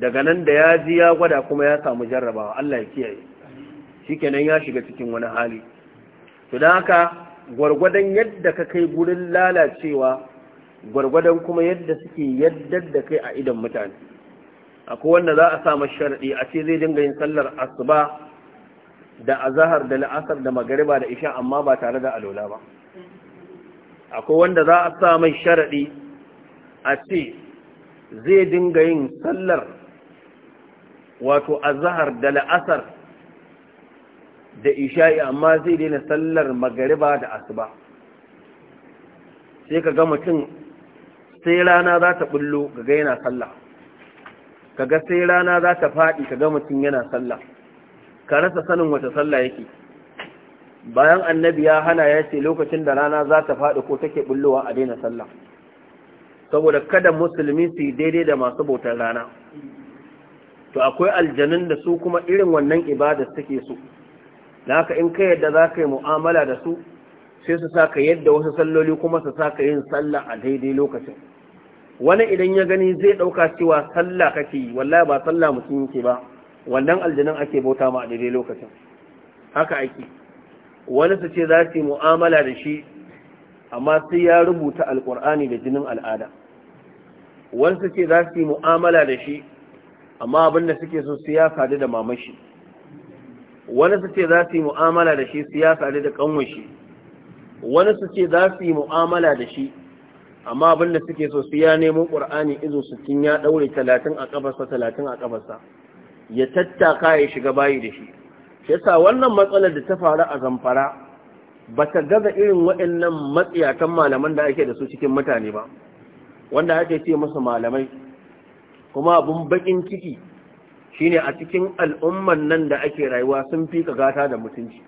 daga nan da ya ji ya gwada kuma ya samu jarrabawa Allah ya kiyaye shikenan ya shiga cikin wani hali to haka gwargwadon yadda ka kai gurin lalacewa gwargwadon kuma yadda suke yadda da kai a idan mutane akwai wanda za a samu sharaɗi a ce zai dinga yin sallar asuba da azahar da la'asar da magariba da isha amma ba tare da alola ba akwai wanda za a samu sharaɗi a ce zai dinga yin sallar wato azahar da la'asar da isha'i amma zai daina sallar magariba da asuba sai ka ga mutum sai rana za ta bullo ga yana sallah ka ga sai rana za ta faɗi ka ga mutum yana sallah ka rasa sanin wata sallah yake bayan annabi ya hana ya ce lokacin da rana za ta faɗi ko take bullowa a daina sallah saboda kada musulmi su yi daidai da masu bautar rana to akwai aljanun da su kuma irin wannan ibada suke so da haka in ka yadda za ka yi mu'amala da su sai su saka yadda wasu salloli kuma su ka yin sallah a daidai lokacin wani idan ya gani zai ɗauka cewa sallah kake yi wallahi ba sallah mutum yake ba wannan aljanin ake bauta ma a daidai lokacin haka ake wani su ce za su yi mu'amala da shi amma sai ya rubuta alƙur'ani da jinin al'ada wani su ce za su yi mu'amala da shi amma abin da suke so sai ya sadu da mamashi wani su ce za su yi mu'amala da shi siyasa da kanwar shi wani su ce za su yi mu'amala da shi amma abinda suke so su ya nemo ƙur'ani izo cin ya ɗaure talatin a ƙafarsa talatin a ƙafarsa ya tattaka ya shiga bayi da shi shi yasa wannan matsalar da ta faru a zamfara ba ta gaza irin waɗannan matsiyatan malaman da ake da su cikin mutane ba wanda ake ce musu malamai kuma abin baƙin ciki shine a cikin al'umman nan da ake rayuwa sun fi ka gata da mutunci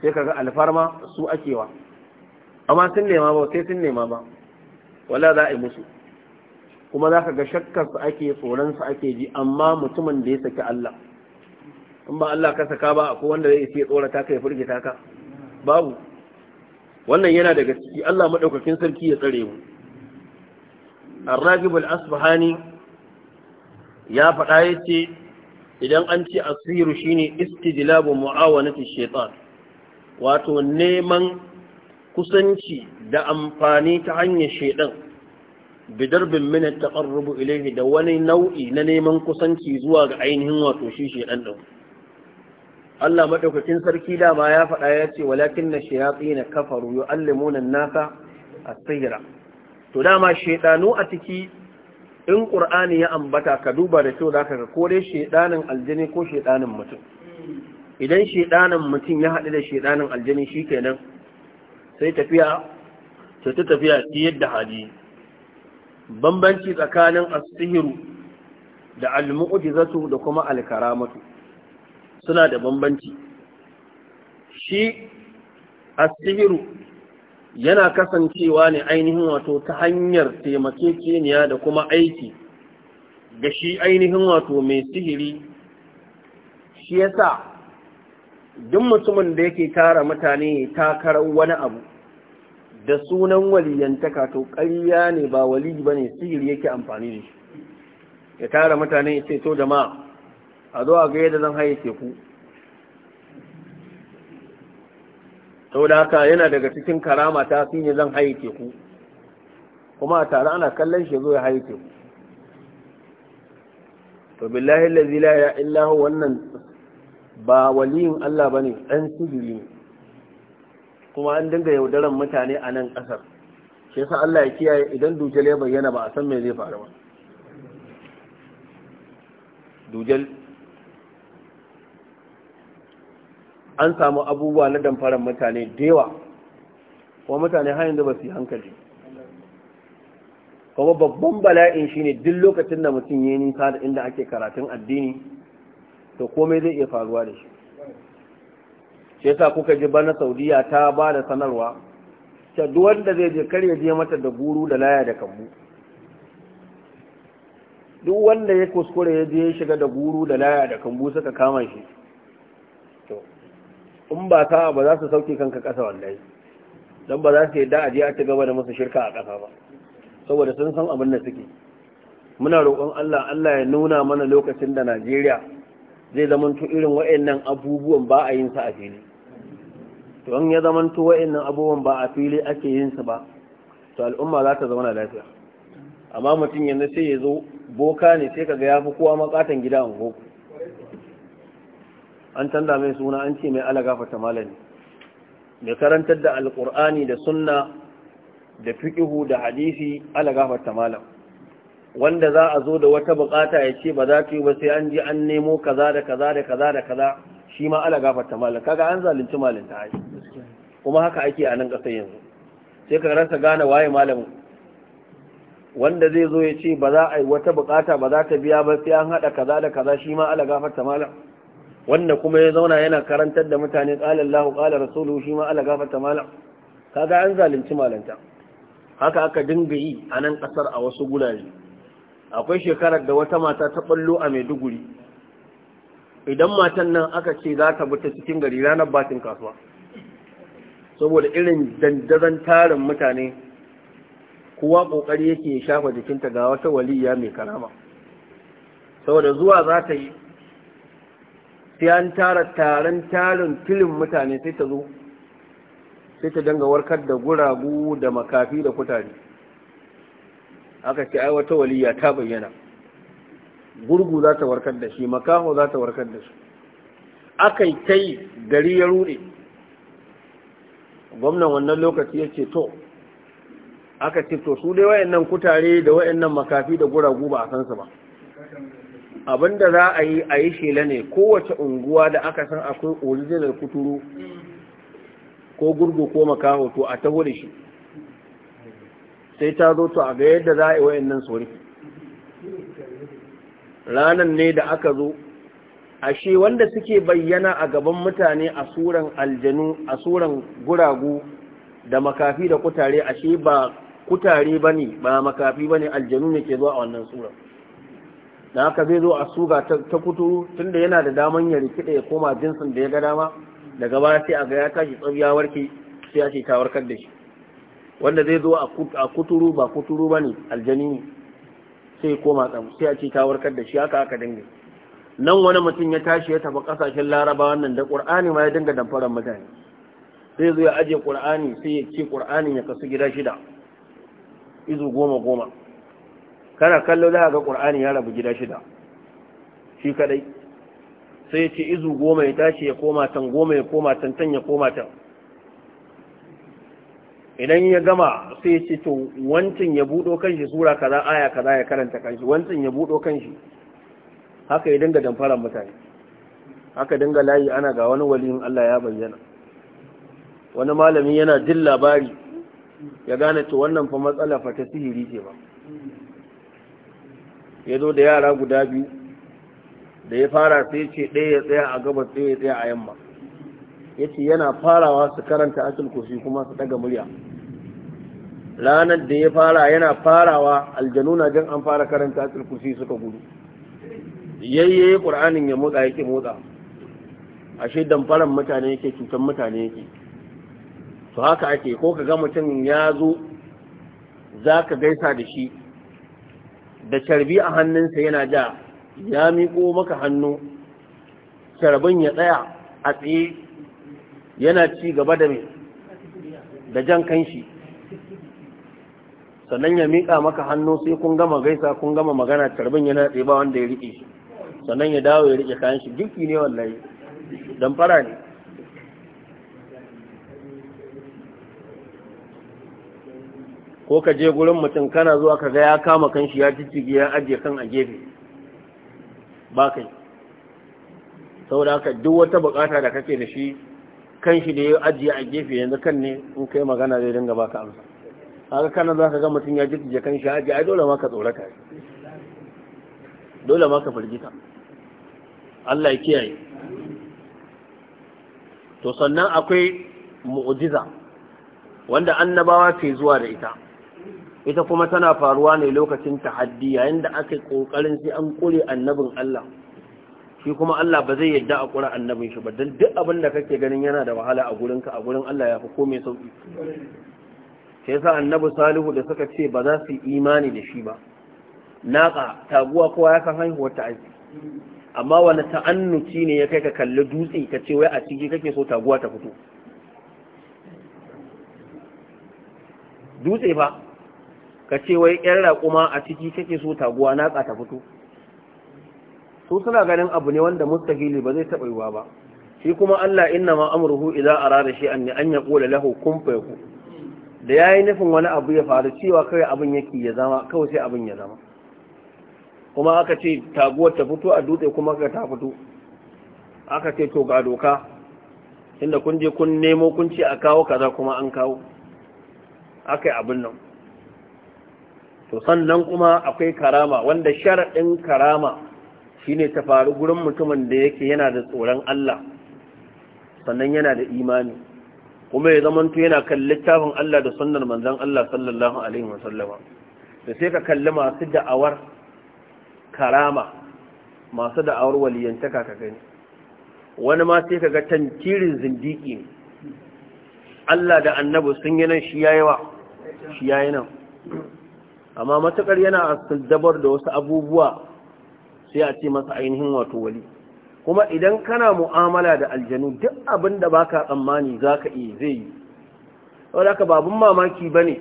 sai kaga alfarma su akewa amma sun nema ba sai sun nema ba wala za a yi musu kuma za ka ga shakkar su ake tsoron su ake ji amma mutumin da ya saki Allah in ba Allah ka saka ba akwai wanda zai iya tsorata ka ya firgita ka babu wannan yana daga ciki Allah madaukakin sarki ya tsare mu الراجب الأصبحاني ya faɗa ya ce idan an ce asiru shine istijlabu mu'awanati shaitan wato neman kusanci da amfani ta hanyar shaidan bidarbin min taqarrubu ilayhi da wani nau'i na neman kusanci zuwa ga ainihin wato shi shaidan din Allah maɗaukacin sarki dama ya faɗa ya ce walakin na shayatin kafaru yu'allimuna an-nasa as-sihra to dama shaiɗanu a ciki in ƙur'ani ya ambata ka duba da kyau ka ga kore shedanin aljini ko shedanin mutum idan shedanin mutum ya haɗu da shedanin aljini shikenan sai tafiya sai ta tafiya ta yadda Haji. bambanci tsakanin asihiru da almu'jizatu da kuma alkaramatu suna da bambanci shi asihiru yana kasancewa ne ainihin wato ta hanyar taimakekeniya da kuma aiki da shi ainihin wato mai sihiri shi ya sa, duk mutumin da yake tara mutane takarar wani abu da sunan waliyantaka to ƙarya ne ba wali ba ne sihiri yake amfani da shi ya tara mutane ya ce to jama'a a zo a ga yadda zan haye teku saboda haka yana daga cikin karama ta fi ne zan haye teku kuma a tare ana kallon shi zo ya haye teku to billahi allazi la ya illahu wannan ba waliyin Allah bane dan sihiri sigiri kuma an dinga yaudaran mutane a nan kasar shi yasa Allah ya kiyaye idan dujal ya bayyana ba a san me zai faru ba dujal an samu abubuwa na damfarar mutane da yawa kuma mutane hanyar da ba su yi hankali kuma babban bala'in shi ne duk lokacin da mutum ya nisa da inda ake karatun addini to komai zai iya faruwa da shi shi yasa kuka ji bana saudiya ta ba da sanarwa ta duk wanda zai je kar ya je mata da guru da laya da kambu duk wanda ya kuskure ya je shiga da guru da laya da kambu suka kama shi in ba ka ba za su sauke kanka ƙasa wallahi don ba za su yi a a ci gaba da musu shirka a ƙasa ba saboda sun san abin da suke muna roƙon Allah Allah ya nuna mana lokacin da Najeriya zai zamanto irin wa'annan abubuwan ba a yin sa a fili to an ya zamanto wa'annan abubuwan ba a fili ake yin sa ba to al'umma za ta zauna lafiya amma mutum yanzu sai ya zo boka ne sai kaga ya fi kowa makatan gida ango an canza mai suna an ce mai alagafata malami mai karantar da alkur'ani da sunna da fiƙihu da hadisi alagafata malam wanda za a zo da wata bukata ya ce ba za ta yi ba sai an ji an nemo kaza da kaza da kaza da kaza shi ma alagafata malam kaga an zalunci malin ta haji kuma haka ake a nan ƙasa yanzu sai ka rasa gane waye malamin wanda zai zo ya ce ba za a yi wata bukata ba za ta biya ba sai an haɗa kaza da kaza shi ma ala malam wanda kuma ya zauna yana karantar da mutane ƙalar lahu ƙalar rasuluhu shi ma ala gafata malam kaga an zalunci malanta haka aka dinga yi a nan ƙasar a wasu guraje. akwai shekarar da wata mata ta ɓallo a Maiduguri idan matan nan aka ce za ta bi cikin gari ranar batin kasuwa saboda irin dandazon tarin mutane kowa ƙoƙari yake shafa jikinta ga wata waliya mai karama saboda zuwa za ta yi sai an tara taron tarin filin mutane sai ta zo sai ta danga warkar da guragu da makafi da kutare aka ce ai wata waliya ta bayyana gurgu za ta warkar da shi makaho za ta warkar da shi aka yi ta yi gari ya rude gwamnan wannan lokaci ya ce to aka ce to su dai wayannan kutare da wayannan makafi da guragu ba a san su ba da za a yi a yi shela ne kowace unguwa da aka san akwai original kuturu ko gurgu ko makaho to a taho da shi sai ta zo to a ga yadda za a yi wayannan sori ranan ne da aka zo ashe wanda suke bayyana a gaban mutane a suran aljanu a suran guragu da makafi da kutare ashe ba kutare ba ne ba makafi ba ne aljanu ne ke zuwa a wannan suran da haka zai zo a suga ta kuturu tunda yana da daman ya kiɗa ya koma jinsin da ya ga dama daga baya sai a ga ya tashi tsabiya warke sai a ce ta warkar da shi wanda zai zo a kuturu ba kuturu ne aljani sai koma tsam sai a ce ta warkar da shi haka aka dinga nan wani mutum ya tashi ya tafi kasashen laraba wannan da qur'ani ma ya dinga damfarar mutane sai zo ya aje qur'ani sai ya ce qur'anin ya kasu gida shida izu goma goma kana kallo za ga qur'ani ya rabu gida shida shi kadai sai ya ce izu goma ya tashi ya koma tan goma ya koma tan tan ya koma tan idan ya gama sai ya ce to wancan ya budo kanshi sura kaza aya kaza ya karanta kanshi wancan ya budo kanshi haka ya dinga damfaran mutane haka dinga layi ana ga wani waliyin Allah ya bayyana wani malami yana jin labari ya gane to wannan fa matsala fa ta sihiri ce ba ya zo da yara guda biyu da ya fara sai ce ɗaya ya tsaya a gabas ɗaya ya tsaya a yamma ya ce yana farawa su karanta asul kursi kuma su ɗaga murya ranar da ya fara yana farawa aljanu na jan an fara karanta asul kursi suka gudu yayye ƙur'anin ya motsa yake motsa ashe damfaran mutane yake cutar mutane yake to haka ake ko ka ga mutum ya zo za ka gaisa da shi da carbi a hannunsa yana ja ya miƙo maka hannu carbin ya tsaya a tsaye yana ci gaba da mai da jan kanshi sannan ya miƙa maka hannu sai kun gama gaisa kun gama magana carbin yana tsaye ba wanda ya riƙe shi sannan ya dawo ya riƙe kayan shi girki ne wallahi don fara ne ko ka je gurin mutum kana zuwa ka ga ya kama kanshi ya jijjige ya ajiye kan a gefe ba kai da haka duk wata bukata da kake da shi kanshi da ya ajiye a gefe yanzu kan ne in kai magana zai dinga baka amsa haka kana za ka ga mutum ya jijjige kanshi ya ajiye ai dole ma ka tsorata dole ma ka firgita Allah ya kiyaye to sannan akwai mu'jiza wanda annabawa ke zuwa da ita ita kuma tana faruwa ne lokacin tahaddi yayin da aka yi kokarin sai an kure annabin Allah shi kuma Allah ba zai yadda a kura annabin shi ba don duk abin da kake ganin yana da wahala a gurinka a gurin Allah ya fi komai sauki sai yasa annabi salihu da suka ce ba za su imani da shi ba naka taguwa kowa ya san haihuwa ta aiki amma wani ta'annuci ne ya kai ka kalli dutse ka ce wai a ciki kake so taguwa ta fito dutse fa ka ce wai yan raƙuma a ciki kake so taguwa na ta fito su suna ganin abu ne wanda mustahili ba zai taɓa yiwa ba shi kuma Allah inna ma amruhu idza arada shay'an an yaqula lahu kun fayakun da yayi nufin wani abu ya faru cewa kai abin yake ya zama kawai sai abin ya zama kuma aka ce taguwar ta fito a dutse kuma ka ta fito aka ce to ga doka inda kun je kun nemo kun ce a kawo kaza kuma an kawo aka yi abin nan to sannan kuma akwai karama wanda sharaɗin karama shine ta faru gurin mutumin da yake yana da tsoron Allah sannan yana da imani kuma ya zamanto yana kan littafin Allah da sunnar manzon Allah sallallahu alaihi wasallama da sai ka kalli masu da'awar karama masu da'awar waliyantaka ka gani wani ma sai ka ga tantirin zindiki Allah da annabi sun yi nan shi yayawa shi yayi nan amma matakar yana dabar da wasu abubuwa sai a ce masa ainihin wato wali kuma idan kana mu'amala da aljanu duk abin da baka tsammani zaka iya zai yi saboda aka babun mamaki ne.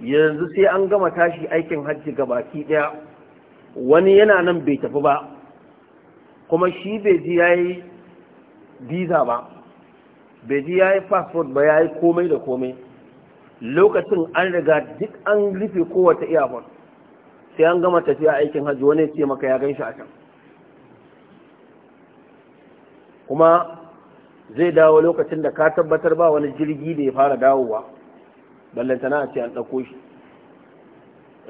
yanzu sai an gama tashi aikin hajji ga baki ɗaya. wani yana nan bai tafi ba kuma shi bai ji ya yi visa ba bai ji ya yi passport ba ya yi komai da komai lokacin an riga duk an rufe kowace iyakar sai an gama tafiya aikin hajji wani ce maka ya gan shi a can kuma zai dawo lokacin da ka tabbatar ba wani jirgi da ya fara dawowa ballantana a ce an ɗauko shi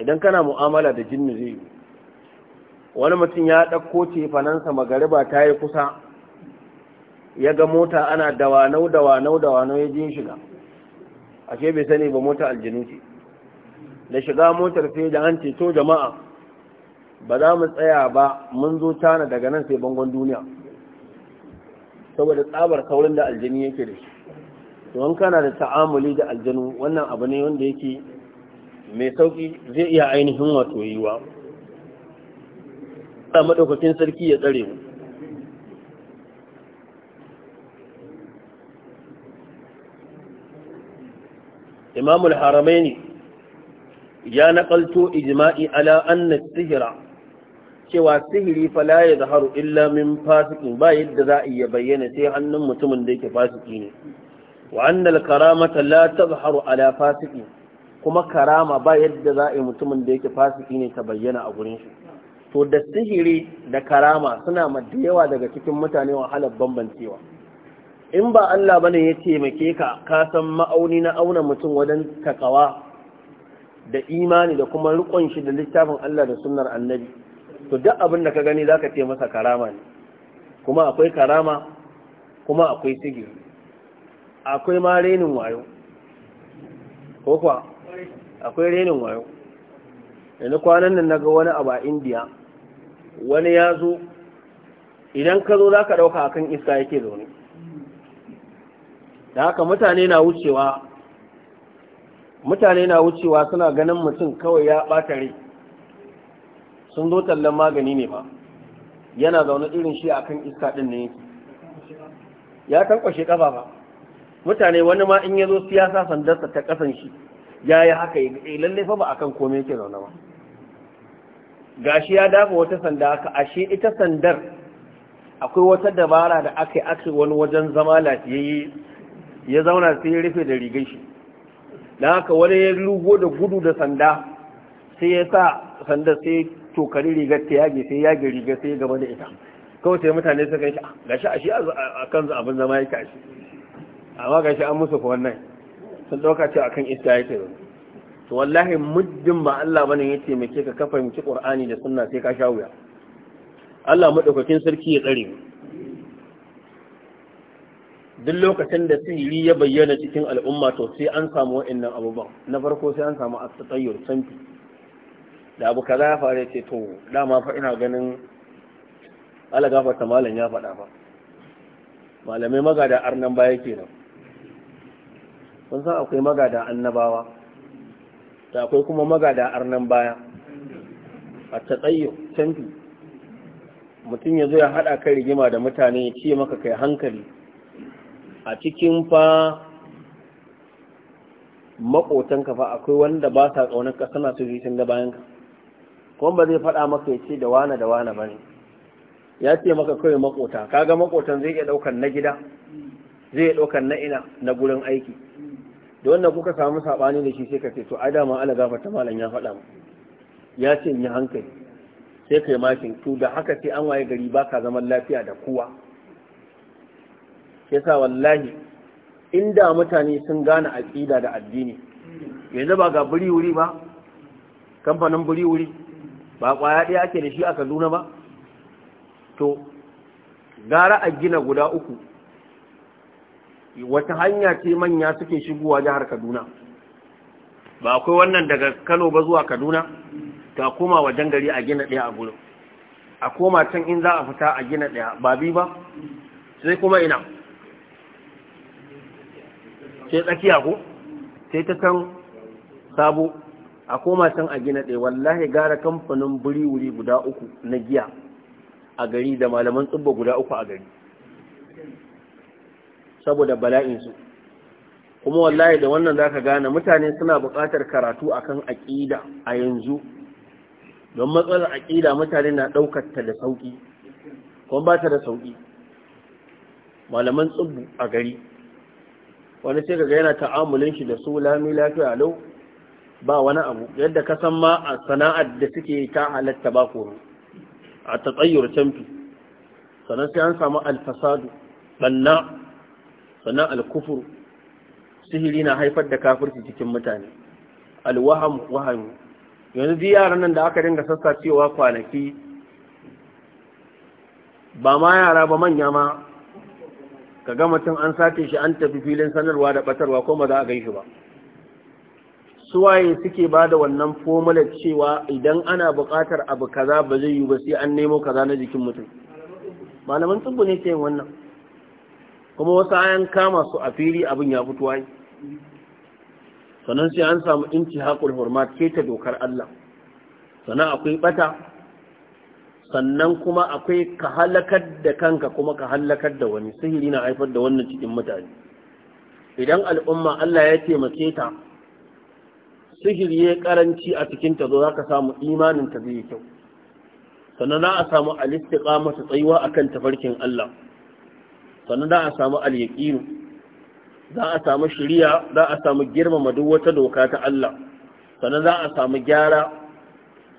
idan kana mu'amala da jinnu zai yi wani mutum ya ɗauko ce fanansa magariba ta yi kusa ya ga mota ana dawanau dawanau dawanau ya jin shiga ashe bai sani ba mota aljinu ce da shiga motar sai da an ceto jama'a ba za mu tsaya ba mun zo tana daga nan sai bangon duniya saboda tsabar saurin da aljini yake da shi don kana da ta'amuli da aljanu wannan abu ne wanda yake mai sauki zai iya ainihin wato yiwa a madaukakin sarki ya tsare mu إمام الحرمين يا نقلت إجمائي على أن السهر سوى السهر فلا يظهر إلا من فاسق با يد ذائي يبين سيح أن متمن ديك فاسقين وأن الكرامة لا تظهر على فاسق كما كرامة با يد ذائي متمن ديك فاسقين تبين أغرينش to da sihiri da karama suna da yawa daga cikin mutane wahalar bambancewa in ba Allah ba ne ya taimake ka ka san ma'auni na auna mutum wajen takawa da imani da kuma rikon shi da littafin Allah da sunnar annabi to duk abin da ka gani zaka ce masa karama ne kuma akwai karama kuma akwai sigiri akwai ma renin wayo ko kuwa akwai renin wayo yanzu kwanan nan naga wani abu a indiya wani ya zo idan ka zo za ka ɗauka akan iska yake zaune da haka mutane na wucewa mutane na wucewa suna ganin mutum kawai ya ɓata rai sun zo tallan magani ne ba yana zaune irin shi akan iska ɗin ne ya tankwashe ƙafa ba mutane wani ma in ya zo siyasa sandarsa ta ƙasan shi ya yi haka yi eh, lallai fa ba akan kome yake zaune ba gashi ya dafa wata sanda haka ashe ita sandar akwai wata dabara da aka yi aka wani wajen zama lafiyayye ya zauna sai ya rufe da rigar shi don haka wani ya lugo da gudu da sanda sai ya sa sanda sai tokari rigar ta yage sai yage rigar sai gaba da ita kawai sai mutane suka yi ga shi ah, a shi a kan abin zama ya a amma ga shi an musu kuwa nan sun ɗauka a akan iska ya zama to wallahi muddin ba Allah bane ya taimake ka ka fahimci Qur'ani da sunna sai ka sha wuya Allah madaukakin sarki ya tsare mu duk lokacin da sihiri ya bayyana cikin al'umma to sai an samu wa'annan abubuwan na farko sai an samu astatayyur sanfi da abu kaza ya fara ce to dama fa ina ganin alagafa ta malam ya faɗa fa malamai magada arnan baya nan, kun san akwai magada annabawa da akwai kuma magada arnan baya a tatsayyo canfi mutum ya zo ya haɗa kai rigima da mutane ya ce maka kai hankali a cikin fa maƙotanka fa akwai wanda ba sa ƙaunar ka suna su sun da bayan ka kuma ba zai faɗa maka ya ce da wane da wane ba ne ya ce maka kawai maƙota kaga makotan zai iya ɗaukar na gida zai iya ɗaukar na ina na gurin aiki da wannan kuka samu saɓani da shi sai ka ce to ai dama ala gafarta malam ya faɗa mu ya ce in yi hankali sai kai makin to da haka sai an waye gari ba ka zaman lafiya da kowa yasa wallahi inda mutane sun gane tsida da addini yanzu ba ga buri wuri ba kamfanin buri wuri ba kwaya ɗaya ake da shi a kaduna ba to gara a gina guda uku wata hanya ce manya suke shigowa jihar kaduna ba akwai wannan daga kano ba zuwa kaduna ta koma wajen gari a gina ɗaya a gudu a koma can in za a fita a gina ɗaya ba bi ba sai kuma ina sai tsakiya ko sai ta can sabo a koma can a gina ɗaya wallahi gara kamfanin buri wuri guda uku na giya a gari da malaman tsibba guda uku a gari saboda bala'insu kuma wallahi da wannan za ka gane mutane suna buƙatar karatu akan aƙida a yanzu don matsalar aƙida mutane na ɗaukar ta da sauƙi kuma ba ta da sauƙi malaman tsibbu a gari wani sai ga yana ta'amulin shi da su lami lafiya lau ba wani abu yadda ka san ma a sana'ar da suke ta halatta ba koro a tsayyar canfi sannan sai an samu alfasadu banna sannan alkufur sihiri na haifar da kafirci cikin mutane alwaham wahami yanzu duk yaran nan da aka dinga sassacewa kwanaki ba ma yara ba manya ma ka ga mutum an sace shi an tafi filin sanarwa da batarwa ko ma za a gaishi ba suwaye suke ba da wannan formula cewa idan ana buƙatar abu kaza ba zai yi ba sai an nemo kaza na jikin mutum malaman tsibbu ne ke yin wannan kuma wasu ayan kama su a fili abin ya fito ai sannan sai an samu inci haƙul hurma keta dokar Allah sannan akwai bata sannan kuma akwai ka halakar da kanka kuma ka halakar da wani sihiri na haifar da wannan cikin mutane idan al'umma Allah ya taimake ta sihiri ya karanci a cikin ta zo za ka samu imanin ta zai kyau sannan za a samu alistiqa masa tsayuwa kan tafarkin Allah sannan za a samu alyaqinu za a samu shiriya za a samu girmama duk wata doka ta Allah sannan za a samu gyara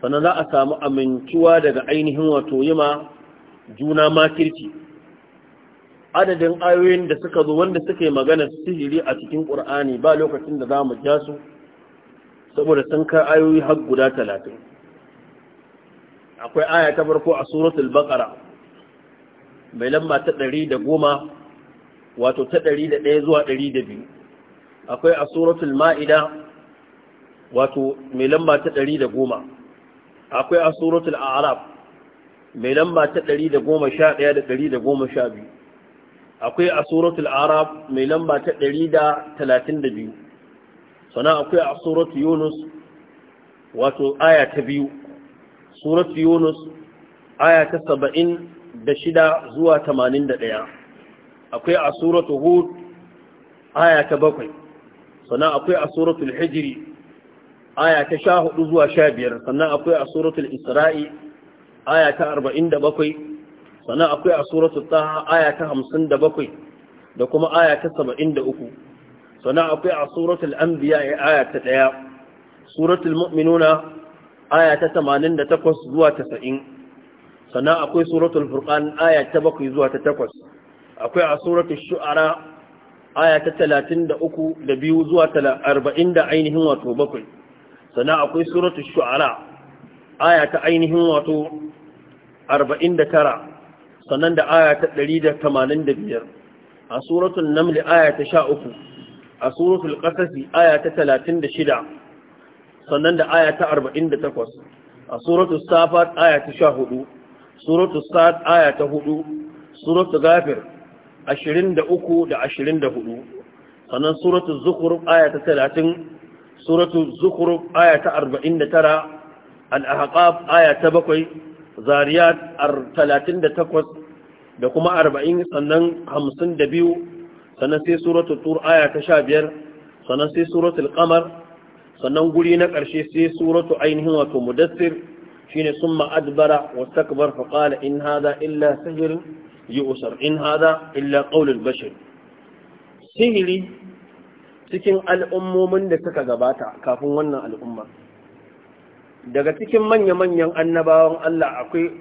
sannan za a samu amincuwa daga ainihin wato yima juna makirci adadin ayoyin da suka zo wanda suka yi magana sihiri a cikin ƙur'ani ba lokacin da za mu ja su saboda sun kai ayoyi har guda talatin akwai aya ta farko a suratul baqara mai lamba ta ɗari da goma wato ta ɗari da ɗaya zuwa ɗari da biyu akwai a suratul ma'ida wato mai lamba ta ɗari da goma akwai a suratul a'raf mai lamba ta 111 da 112 akwai a suratul a'raf mai lamba ta 132 sannan akwai a suratul yunus wato aya ta biyu suratul yunus aya ta 76 zuwa 81 akwai a suratul hud aya ta bakwai sannan akwai a suratul hijri aya ta sha hudu zuwa sha biyar sannan akwai a suratul isra'i aya ta arba'in da bakwai sannan akwai a suratul taha aya ta hamsin da bakwai da kuma aya ta saba'in da uku sannan akwai a suratul anbiya aya ta ɗaya suratul mu'minuna aya ta tamanin da takwas zuwa tasa'in sannan akwai suratul furqan aya ta bakwai zuwa ta takwas akwai a suratul shu'ara aya ta talatin da uku da biyu zuwa arba'in da ainihin wato bakwai sannan akwai suratul shu'ara aya ta ainihin wato 49 sannan da aya ta 185 a suratul naml aya ta 13 a suratul qasas aya ta 36 sannan da aya ta 48 a suratul safat aya ta 14 suratul sad aya ta 4 suratul ghafir 23 da 24 sannan suratul zukhruf aya ta 30 suratu zukhruf aya ta 49 al-ahqaf aya ta 7 zariyat 38 da kuma 40 sannan 52 sannan sai suratu tur aya ta 15 sannan sai suratul qamar sannan guri na ƙarshe sai suratu ainihin wato mudassir shine summa adbara wastakbar fa qala in hadha illa sihr yu'sar in hadha illa qawl bashir. bashar sihiri cikin al'ummomin da suka gabata kafin wannan al'umma daga cikin manya-manyan annabawan Allah akwai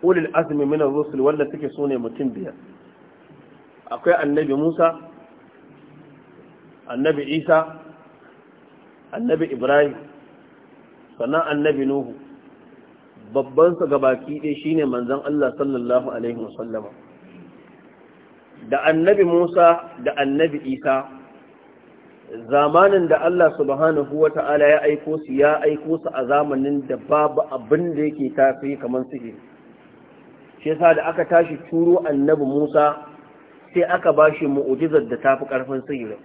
ulil azumi minar rusul wanda suke so ne mutum biyar akwai annabi musa annabi isa annabi ibrahim sannan annabi nuhu babbansa gabaki ɗaya shine manzan Allah sallallahu alaihi wasallama da annabi Musa da annabi Isa zamanin da Allah subhanahu wa ta'ala ya aiko su ya aiko su a zamanin da babu abin da yake tafi kamar sihiri shi sa da aka tashi turo annabi Musa sai aka ba shi mu'ujizar da tafi karfin sihiri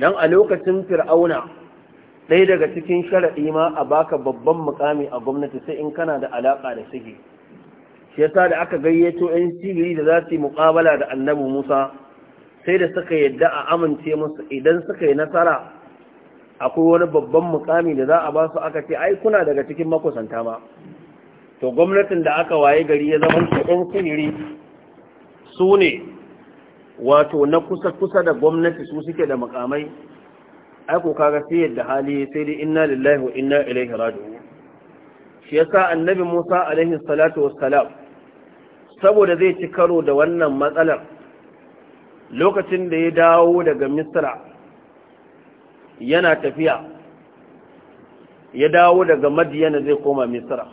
dan a lokacin fir'auna ɗaya daga cikin sharaɗi ma a baka babban mukami a gwamnati sai in kana da alaƙa da sihiri shi sa da aka gayyato 'yan sihiri da za su yi muƙabala da annabi Musa sai da suka yadda a amince musu idan suka yi nasara akwai wani babban mukami da za a ba su aka ce ai kuna daga cikin makusanta ba to gwamnatin da aka waye gari ya zama cikin siriri su ne wato na kusa-kusa da gwamnati su suke da ai ko kaga sai yadda hali sai dai inna lillahi wa inna ilaihi raji'un shi yasa annabi Musa alaihi salatu wassalam saboda zai ci karo da wannan matsalar lokacin da ya dawo daga misra yana tafiya ya dawo daga madiyana zai koma misra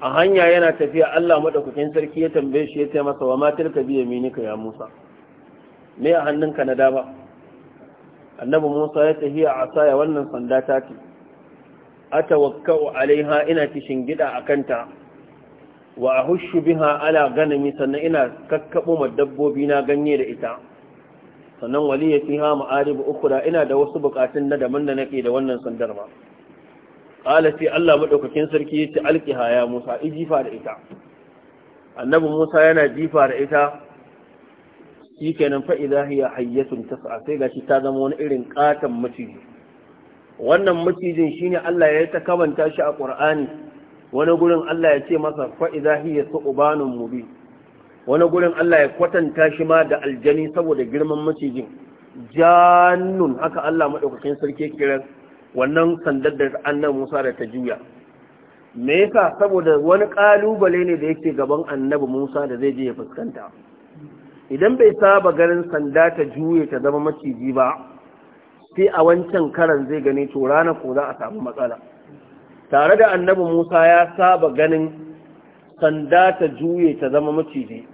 a hanya yana tafiya Allah madaukakin sarki ya tambaye shi ya ce masa wa matar ka biya minika ya Musa me a hannunka na dama annabi Musa ya tafi a asaya wannan sanda ta ce atawakkau alaiha ina kishin gida kanta. wa hushu biha ala ganami sannan ina kakkaɓo ma dabbobi na ganye da ita sannan waliya ha ma'aribu da ina da wasu bukatun na daban da nake da wannan sandar ma qala ce Allah madaukakin sarki yace alqiha ya Musa ijifa da ita annabi Musa yana jifa da ita shikenan fa idha hiya hayyatun tas'a sai gashi ta zama wani irin katon maciji wannan macijin shine Allah ya ta kamanta shi a Qur'ani wani gurin Allah ya ce masa fa'iza hiya su'ubanun mubi wani gurin Allah ya kwatanta shi ma da aljani saboda girman macijin janun haka Allah maɗaukakin sarki kiran wannan sandar da annan Musa da ta juya me yasa saboda wani ƙalubale ne da yake gaban annabi Musa da zai je ya fuskanta idan bai saba ganin sanda ta juye ta zama maciji ba sai a wancan karan zai gane to rana ko za a samu matsala tare da annabi musa ya saba ganin sanda ta juye ta zama maciji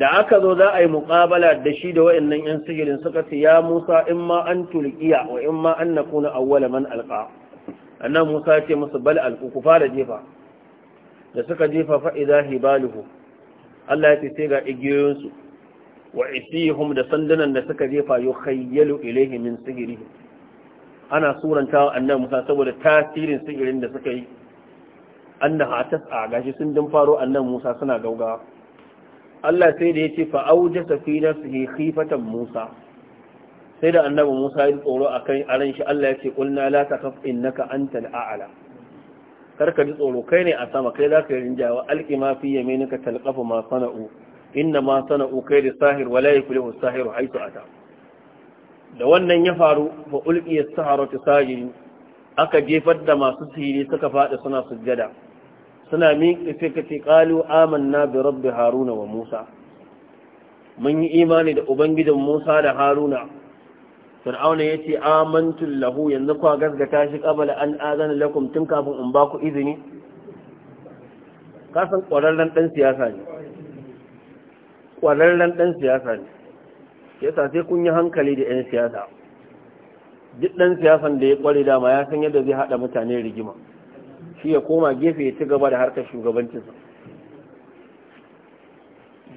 da aka zo za a yi muƙabala da shi da wa'annan 'yan sihirin suka ce ya musa in ma an tulkiya wa in ma an na awwala man alqa annan musa ya ce musu bal alƙuku fara jefa da suka jefa fa'iza hibaluhu Allah ya ce sai ga igiyoyinsu wa isihum da sandunan da suka jefa yukhayyalu ilayhi min sihirihim ana suranta wa annabi Musa saboda tasirin irin da suka yi annaha tas'a gashi sun din faro annabi Musa suna gaugawa Allah sai da yace fa aujasa fi nafsihi khifatan Musa sai da annabi Musa ya tsoro akan aran shi Allah yace qulna la takaf innaka antal a'la karka ji tsoro kai ne a sama kai zaka rinjawa alqima fi yaminika talqafu ma sana'u inna ma sana'u kai da sahir wala yuflihu sahiru haythu ata da wannan ya faru fa ulqiya as-saharatu sajidin aka jefar da masu sihiri suka faɗi suna sujjada suna min sai kace qalu amanna bi rabbi haruna wa musa mun yi imani da ubangijin musa da haruna fir'auna yace amantu lahu yanzu kwa gasgata shi qabala an azana lakum tun kafin in ba ku izini kasan kwararren dan siyasa ne kwararren dan siyasa ne yasa sai kun yi hankali da 'yan siyasa duk ɗan siyasan da ya kware dama ya san yadda zai haɗa mutane rigima shi ya koma gefe ya ci gaba da harkar shugabancinsa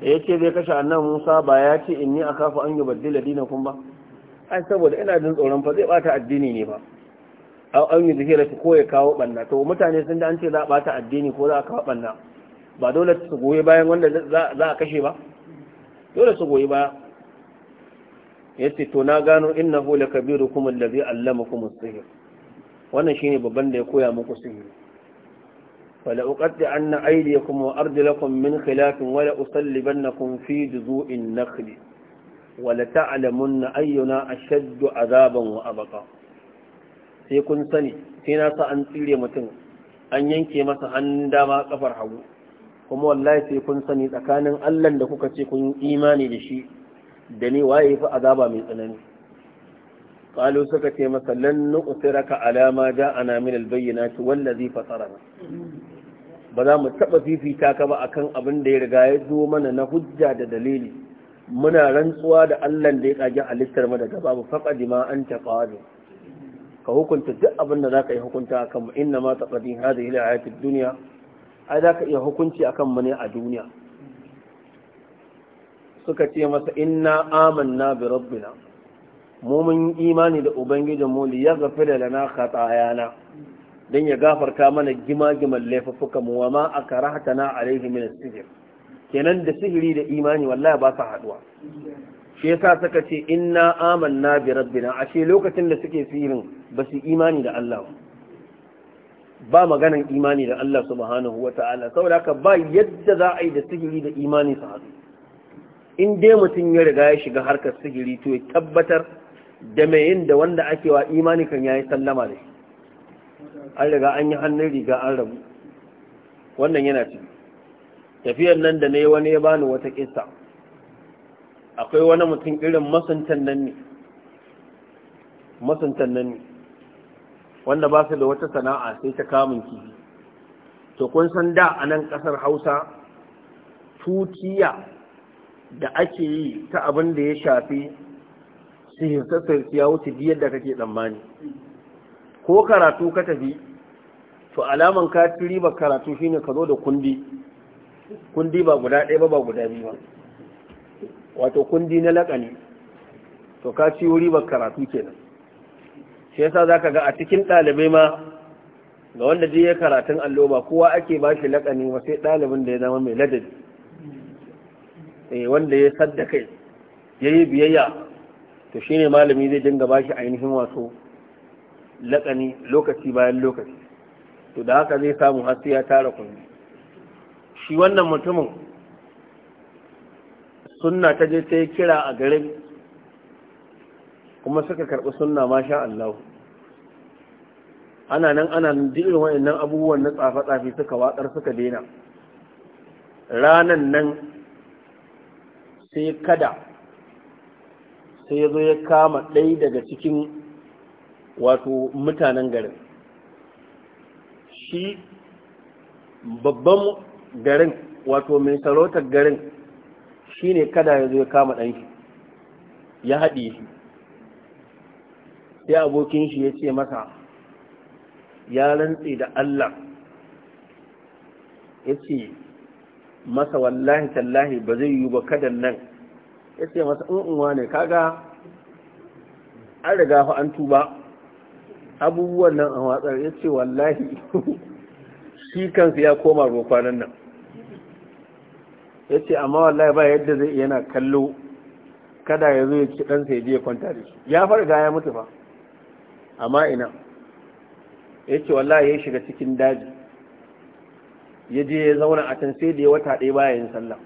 da ya ce zai kashe annan musa ba ya ce in ni a kafa an yi baddi ladina kun ba ai saboda ina jin tsoron fa zai bata addini ne ba a an yi zuhira ko ya kawo banna to mutane sun da an ce za a bata addini ko za a kawo banna ba dole su goyi bayan wanda za a kashe ba dole su goyi baya ce to na gano innahu lakabirukum allazi allamakum as-sihr wannan shine babban da ya koya muku sihiri fala uqaddi anna aydiyakum wa arjulakum min khilafin wala kun fi juzu'in nakhli wala ta'lamunna ayyuna ashaddu azaban wa abqa sai kun sani sai na sa an tsire mutum an yanke masa hannun dama kafar hagu kuma wallahi sai kun sani tsakanin Allah da kuka ce kun imani da shi da ni waye fi azaba mai tsanani qalu suka ce masa lan nu'siraka ala ma ja'ana min al-bayyinati wallazi fatarana ba za mu taba fifita ka ba akan abin da ya riga ya zo mana na hujja da dalili muna rantsuwa da Allah da ya kage halittar mu daga babu faqadi ma anta qadir ka hukunta duk abin da zaka yi hukunta akan mu inna ma taqadi hadhihi al ad-dunya ai zaka iya hukunci akan mu ne a duniya suka ce masa inna amanna bi rabbina mu mun imani da ubangijin mu li yaghfira lana khatayana dan ya gafarta mana gimagiman laifuffuka mu wa ma akrahtana alaihi min as-sihr kenan da sihiri da imani wallahi ba sa haduwa shi yasa suka ce inna amanna bi rabbina ashe lokacin da suke sihirin ba su imani da Allah ba maganan imani da Allah subhanahu wata'ala saboda haka ba yadda za a yi da sihiri da imani su haɗu in dai mutum ya riga ya shiga harkar sihiri to ya tabbatar da mai yin da wanda ake wa imani kan yayi sallama ne an riga an yi hannun riga an rabu wannan yana ci tafiyar nan da na yi wani ya bani wata kissa akwai wani mutum irin masuntan nan ne masuntan nan ne wanda ba su da wata sana'a sai ta kamun kifi to kun san da a nan kasar hausa tutiya da ake yi ta abin da ya shafi sihirce ya wuce biyar da kake tsammani ko karatu ka tafi to alaman ka ci riba karatu shine ka zo da kundi kundi ba guda ɗaya ba ba guda biyu ba wato kundi na laƙani to ka ci riba karatu kenan shi yasa ka ga a cikin ɗalibai ma ga wanda ji ya karatun allo ba kowa ake ba shi laƙani ba sai ɗalibin da ya zama mai ladabi Eh, wanda ya sadda kai ya yi biyayya to shi ne malami zai dinga ba shi ainihin wasu laƙani lokaci bayan lokaci to da haka zai samu hasu ya tara kundi shi wannan mutumin sunna ta je ta yi kira a garin kuma suka karɓi sunna masha Allah ana nan ana irin nan abubuwan na tsafe-tsafe suka watsar suka daina ranan nan sai kada sai ya zo ya kama ɗai daga cikin wato mutanen garin shi babban garin wato mai sarautar garin shi ne kada ya zo ya kama ɗanshi ya haɗe shi sai abokin shi ya ce masa ya rantse da Allah ya ce masa wallahi tallahi ba zai yi ba kadan nan ya ce masa un'uwa ne kaga an riga fa an tuba abubuwan nan a watsar ya ce wallahi shi kansu ya koma roƙonan nan ya ce amma wallahi ba yadda zai yana kallo kada ya zo ya ci ɗansa ya je kwanta da shi ya farga ya mutu fa amma ina ya ce wallahi ya shiga cikin daji ya je ya zauna a can sai da ya wata ɗaya baya yin sallah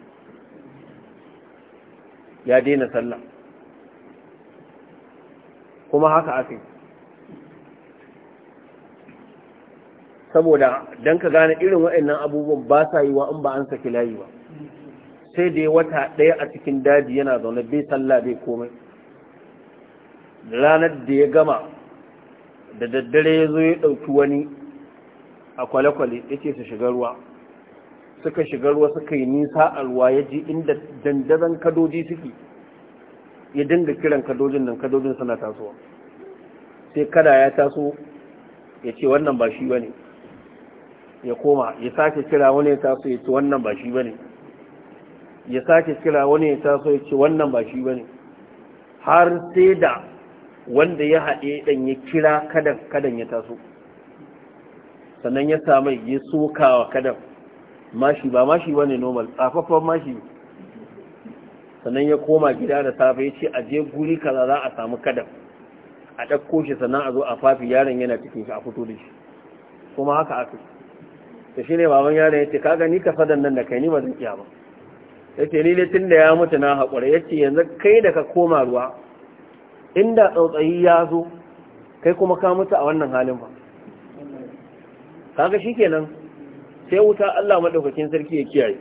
ya daina sallah kuma haka aka saboda don ka gane irin waɗannan abubuwan ba sa yi wa in ba an saki layi ba sai da ya wata ɗaya a cikin daji yana zaune bai sallah bai komai ranar da ya gama da daddare ya zo ya ɗauki wani a kwale-kwale ya ce su shiga ruwa suka shiga ruwa suka yi nisa a ruwa ya ji inda dandazon kadoji suke ya dinga kiran kadojin nan kadojin suna tasowa sai kada ya taso ya ce wannan ba shi bane ya koma ya sake kira wani ya taso ya ce wannan ba shi bane ya sake kira wani ya taso ya ce wannan ba shi bane har sai da wanda ya haɗe ɗan ya kira kadan kadan ya taso sannan ya samu ya soka wa kadan mashi ba mashi wane normal tsafafan mashi sannan ya koma gida da safe ya ce a je guri kaza za a samu kadam a ɗauko shi sannan a zo a fafi yaron yana cikin shi a fito da shi kuma haka aka ta shi ne baban yaron ya ce kaga ni ka fadan nan da kai ni ba zan iya ba ya ce ni tun da ya mutu na haƙura ya ce yanzu kai da ka koma ruwa inda tsautsayi ya zo kai kuma ka mutu a wannan halin ba kaga shi kenan sai wuta Allah madaukakin sarki ya kiyaye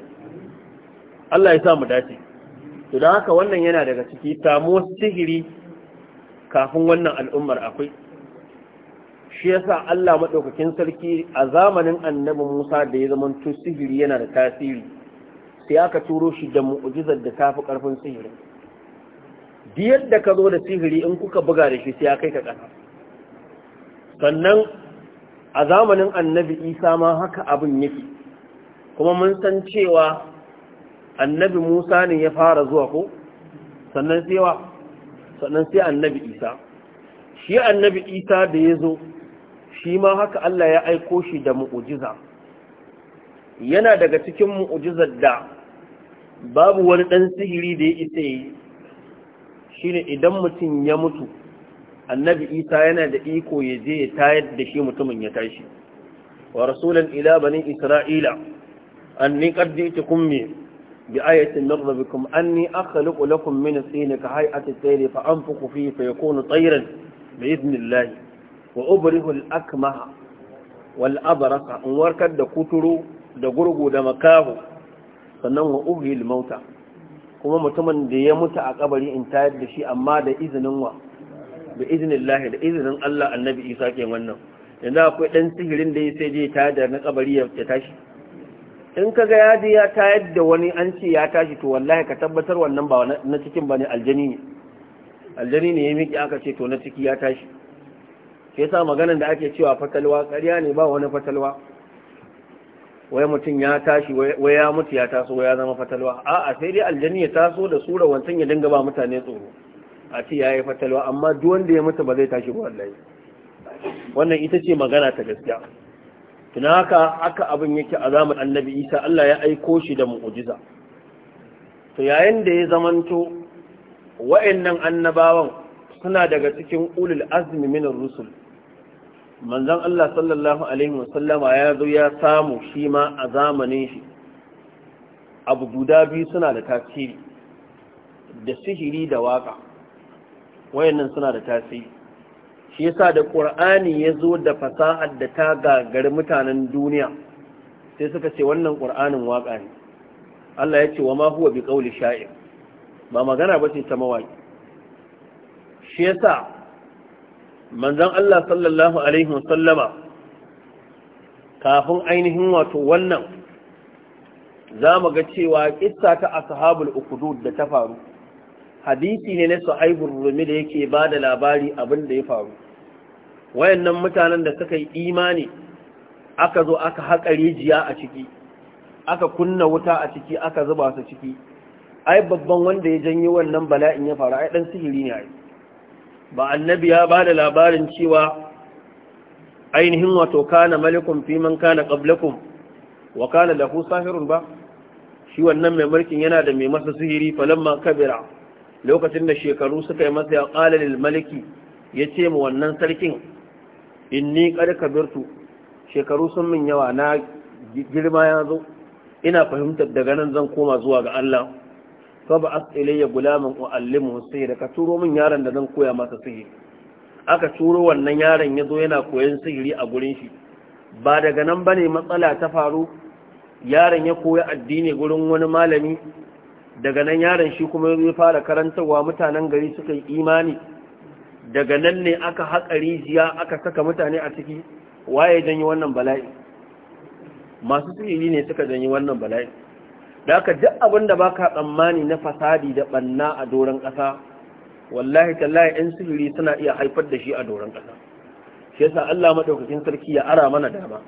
Allah ya sa mu dace to dan haka wannan yana daga ciki tamo sihiri kafin wannan al'ummar akwai shi yasa Allah maɗaukakin sarki a zamanin annabi Musa da ya zama to sihiri yana da tasiri sai aka turo shi da mu'jizar da tafi karfin sihiri diyar da ka zo da sihiri in kuka buga da shi sai ya kai ka kasa sannan a zamanin annabi isa ma haka abin yake kuma mun san cewa annabi musa ne ya fara zuwa ko sannan sai sannan sai annabi isa shi annabi isa da ya zo shi ma haka allah ya aiko shi da mu'ujiza yana daga cikin mu'ujizar da babu wani ɗan sihiri da ya isa yi shi idan mutum ya mutu annabi isa yana da iko ya je ya tayar da shi mutumin ya tashi wa rasulan ila bani isra'ila anni qad ji'tukum bi ayatin min rabbikum anni akhluqu lakum min at-tin ka hay'ati at-tayr fa anfukhu fihi fayakunu tayran bi idhnillah wa ubrihu al-akmaha wal in warkar da kuturu da gurgu da makahu sannan wa uhil mauta kuma mutumin da ya mutu a kabari in tayar da shi amma da izinin wa bi iznillahi da izinin Allah annabi Isa ke wannan yanzu akwai ɗan sihirin da ya sai je ta da na kabari ya tashi in ka ga ya ya tayar da wani an ce ya tashi to wallahi ka tabbatar wannan ba na cikin bane aljani ne aljani ne ya miki aka ce to na ciki ya tashi Ke sa maganar da ake cewa fatalwa ƙarya ne ba wani fatalwa wai mutum ya tashi wai ya mutu ya taso ya zama fatalwa a'a sai dai aljani ya taso da sura wancan ya dinga ba mutane tsoro a ce ya yi fatalwa amma duk wanda ya mutu ba zai tashi ba wallahi wannan ita ce magana ta gaskiya tuna haka aka abin yake a zamun annabi isa Allah ya aiko shi da mu'ujiza to yayin da ya zamanto wa'annan annabawan suna daga cikin ulul azmi min rusul manzon Allah sallallahu alaihi wasallama ya zo ya samu shi ma a zamanin shi abu guda biyu suna da tasiri da sihiri da waka wayannan suna da tasiri shi yasa da qur'ani ya zo da fasahar da ta gagari mutanen duniya sai suka ce wannan qur'anin waka ne Allah ya ce wa ma huwa bi qawli sha'ir ba magana ba ce ta mawaki shi yasa manzon Allah sallallahu alaihi wasallama kafin ainihin wato wannan za mu ga cewa kissa ta ashabul ukhdud da ta faru hadisi ne na sahaibul rumi da yake ba da labari abin da ya faru wayannan mutanen da suka yi imani aka zo aka haƙa rijiya a ciki aka kunna wuta a ciki aka zuba su ciki ai babban wanda ya janyo wannan bala'in ya faru ai dan sihiri ne ai ba annabi ya ba da labarin cewa ainihin wato kana malikum fi man kana qablakum wa kana lahu sahirun ba shi wannan mai mulkin yana da mai masa sihiri falamma kabira lokacin da shekaru suka yi masa ya ƙala maliki ya ce mu wannan sarkin In inni qad birtu shekaru sun min yawa na girma ya zo ina fahimtar daga nan zan koma zuwa ga Allah fa ba as ilayya gulaman sai da ka turo min yaron da zan koya masa sihiri aka turo wannan yaron ya zo yana koyan sihiri a gurin shi ba daga nan bane matsala ta faru yaron ya koya addini gurin wani malami daga nan yaron shi kuma ya fara karantarwa mutanen gari suka yi imani daga nan ne aka haƙa rijiya aka saka mutane a ciki waye janyi wannan bala'i masu sihiri ne suka janyi wannan bala'i da aka duk abin da baka tsammani na fasadi da banna a doron ƙasa wallahi tallahi ɗan sihiri suna iya haifar da shi a doron ƙasa shi yasa Allah madaukakin sarki ya ara mana dama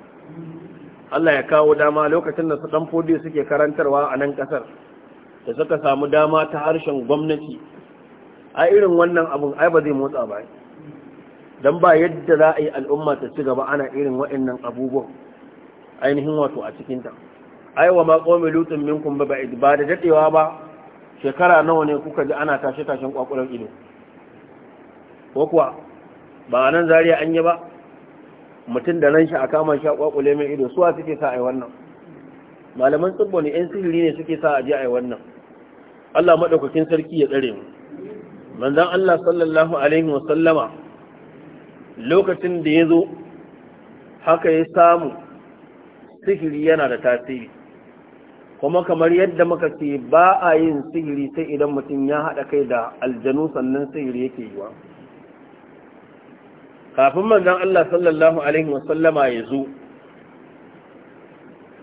Allah ya kawo dama lokacin da su dan fodiyo suke karantarwa a nan ƙasar da suka samu dama ta harshen gwamnati a irin wannan abin ai ba zai motsa ba don ba yadda za a yi al'umma ta ci gaba ana irin waɗannan abubuwan ainihin wato a cikinta ai wa ma qawmi lutun minkum ba ba'id ba da dadewa ba shekara nawa ne kuka ji ana tashe tashen kwakulan ido ko kuwa ba nan zariya an yi ba mutum da nan shi a kama shi a kwakule mai ido suwa suke sa ai wannan malaman tsibbo ne yan sihiri ne suke sa a ji ai wannan Allah maɗaukakin sarki ya tsare mu manzon Allah sallallahu alaihi wa sallama lokacin da ya zo haka ya samu sihiri yana da tasiri kuma kamar yadda muka ce ba a yin sihiri sai idan mutum ya haɗa kai da aljanu sannan sihiri yake yiwa kafin manzon Allah sallallahu alaihi wasallama ya zo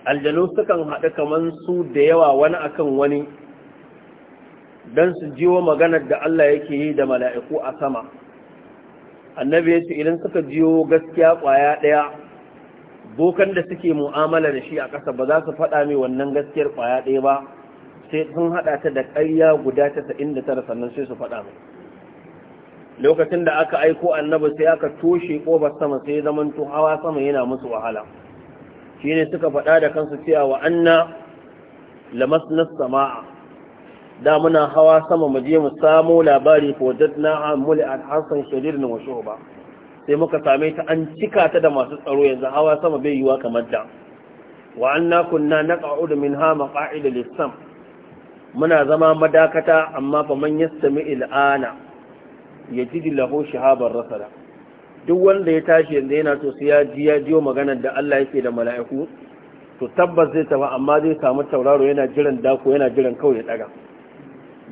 aljanu sukan haɗu kamar su da yawa wani akan wani don su jiwo maganar da Allah yake yi da mala'iku a sama annabi ya ce idan suka jiwo gaskiya ƙwaya ɗaya bokan da suke mu'amala da shi a ƙasa ba za su faɗa mai wannan gaskiyar ƙwaya ɗaya ba sai sun haɗa ta da ƙarya guda ta casa'in da tara sannan sai su faɗa mai lokacin da aka aiko annabi sai aka toshe ƙofar sama sai ya zamanto hawa sama yana musu wahala shine suka faɗa da kansu cewa wa anna na sama'a da muna hawa sama mu je mu samo labari fa wajadna amul an hasan na wa ba, sai muka same ta an cika ta da masu tsaro yanzu hawa sama bai yiwa kamar da wa anna kunna naq'udu minha hama lis-sam muna zama madakata amma fa man yastami il'ana yajidu lahu shihaban rasala duk wanda ya tashi yanzu yana to sai ya ji ya jiyo maganar da Allah yake da mala'iku to tabbas zai tafi amma zai samu tauraro yana jiran dako yana jiran kawai ya ɗaga.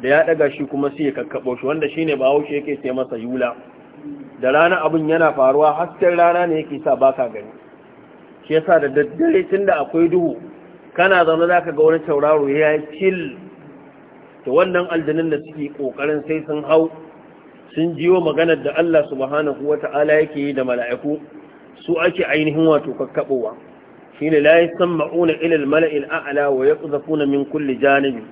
da ya daga shi kuma sai ya kakkabo shi wanda shine ba haushe yake sai masa yula da rana abun yana faruwa hasken rana ne yake sa baka gani shi yasa da daddare tunda akwai duhu kana zaune zaka ga wani tauraro ya chill to wannan aljinin da suke kokarin sai sun hau sun jiwo maganar da Allah subhanahu wata'ala yake yi da mala'iku su ake ainihin wato kakkabowa shine la yasma'una ila al-mala'il a'la wa yaqdhafuna min kulli janibi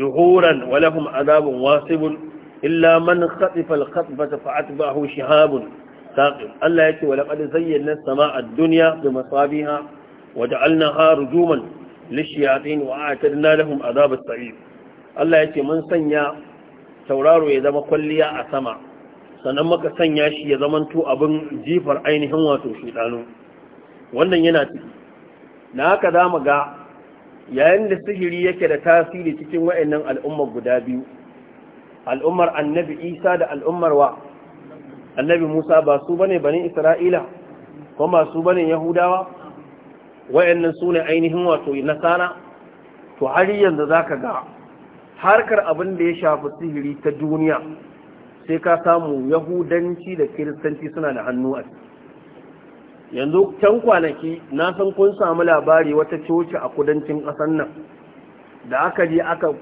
duhuran walahum azabun wasibun illa man khatifa al-khatfata fa'atba'ahu shihabun saqim Allah yace wa laqad zayyana as-sama'a ad-dunya bi masabiha wa ja'alnaha rujuman lish-shayatin wa a'tadna lahum azab as-sa'ir Allah yace mun sanya tauraro ya zama kwalliya a sama sannan muka sanya shi ya zamanto abin jifar ainihin wato shedanu wannan yana ciki na haka zamu ga yayin da sihiri yake da tasiri cikin wa'annan al'ummar guda biyu al'ummar annabi isa da al'ummar wa annabi musa ba su bane banin isra'ila Ko ba su bane yahudawa wa'annan su ne ainihin wato nasara to har yanzu za ka ga harkar abin da ya shafi sihiri ta duniya sai ka samu yahudanci da kiristanci suna da hannu a ciki yanzu can kwanaki na san kun samu labari wata coci a kudancin ƙasar nan da aka je aka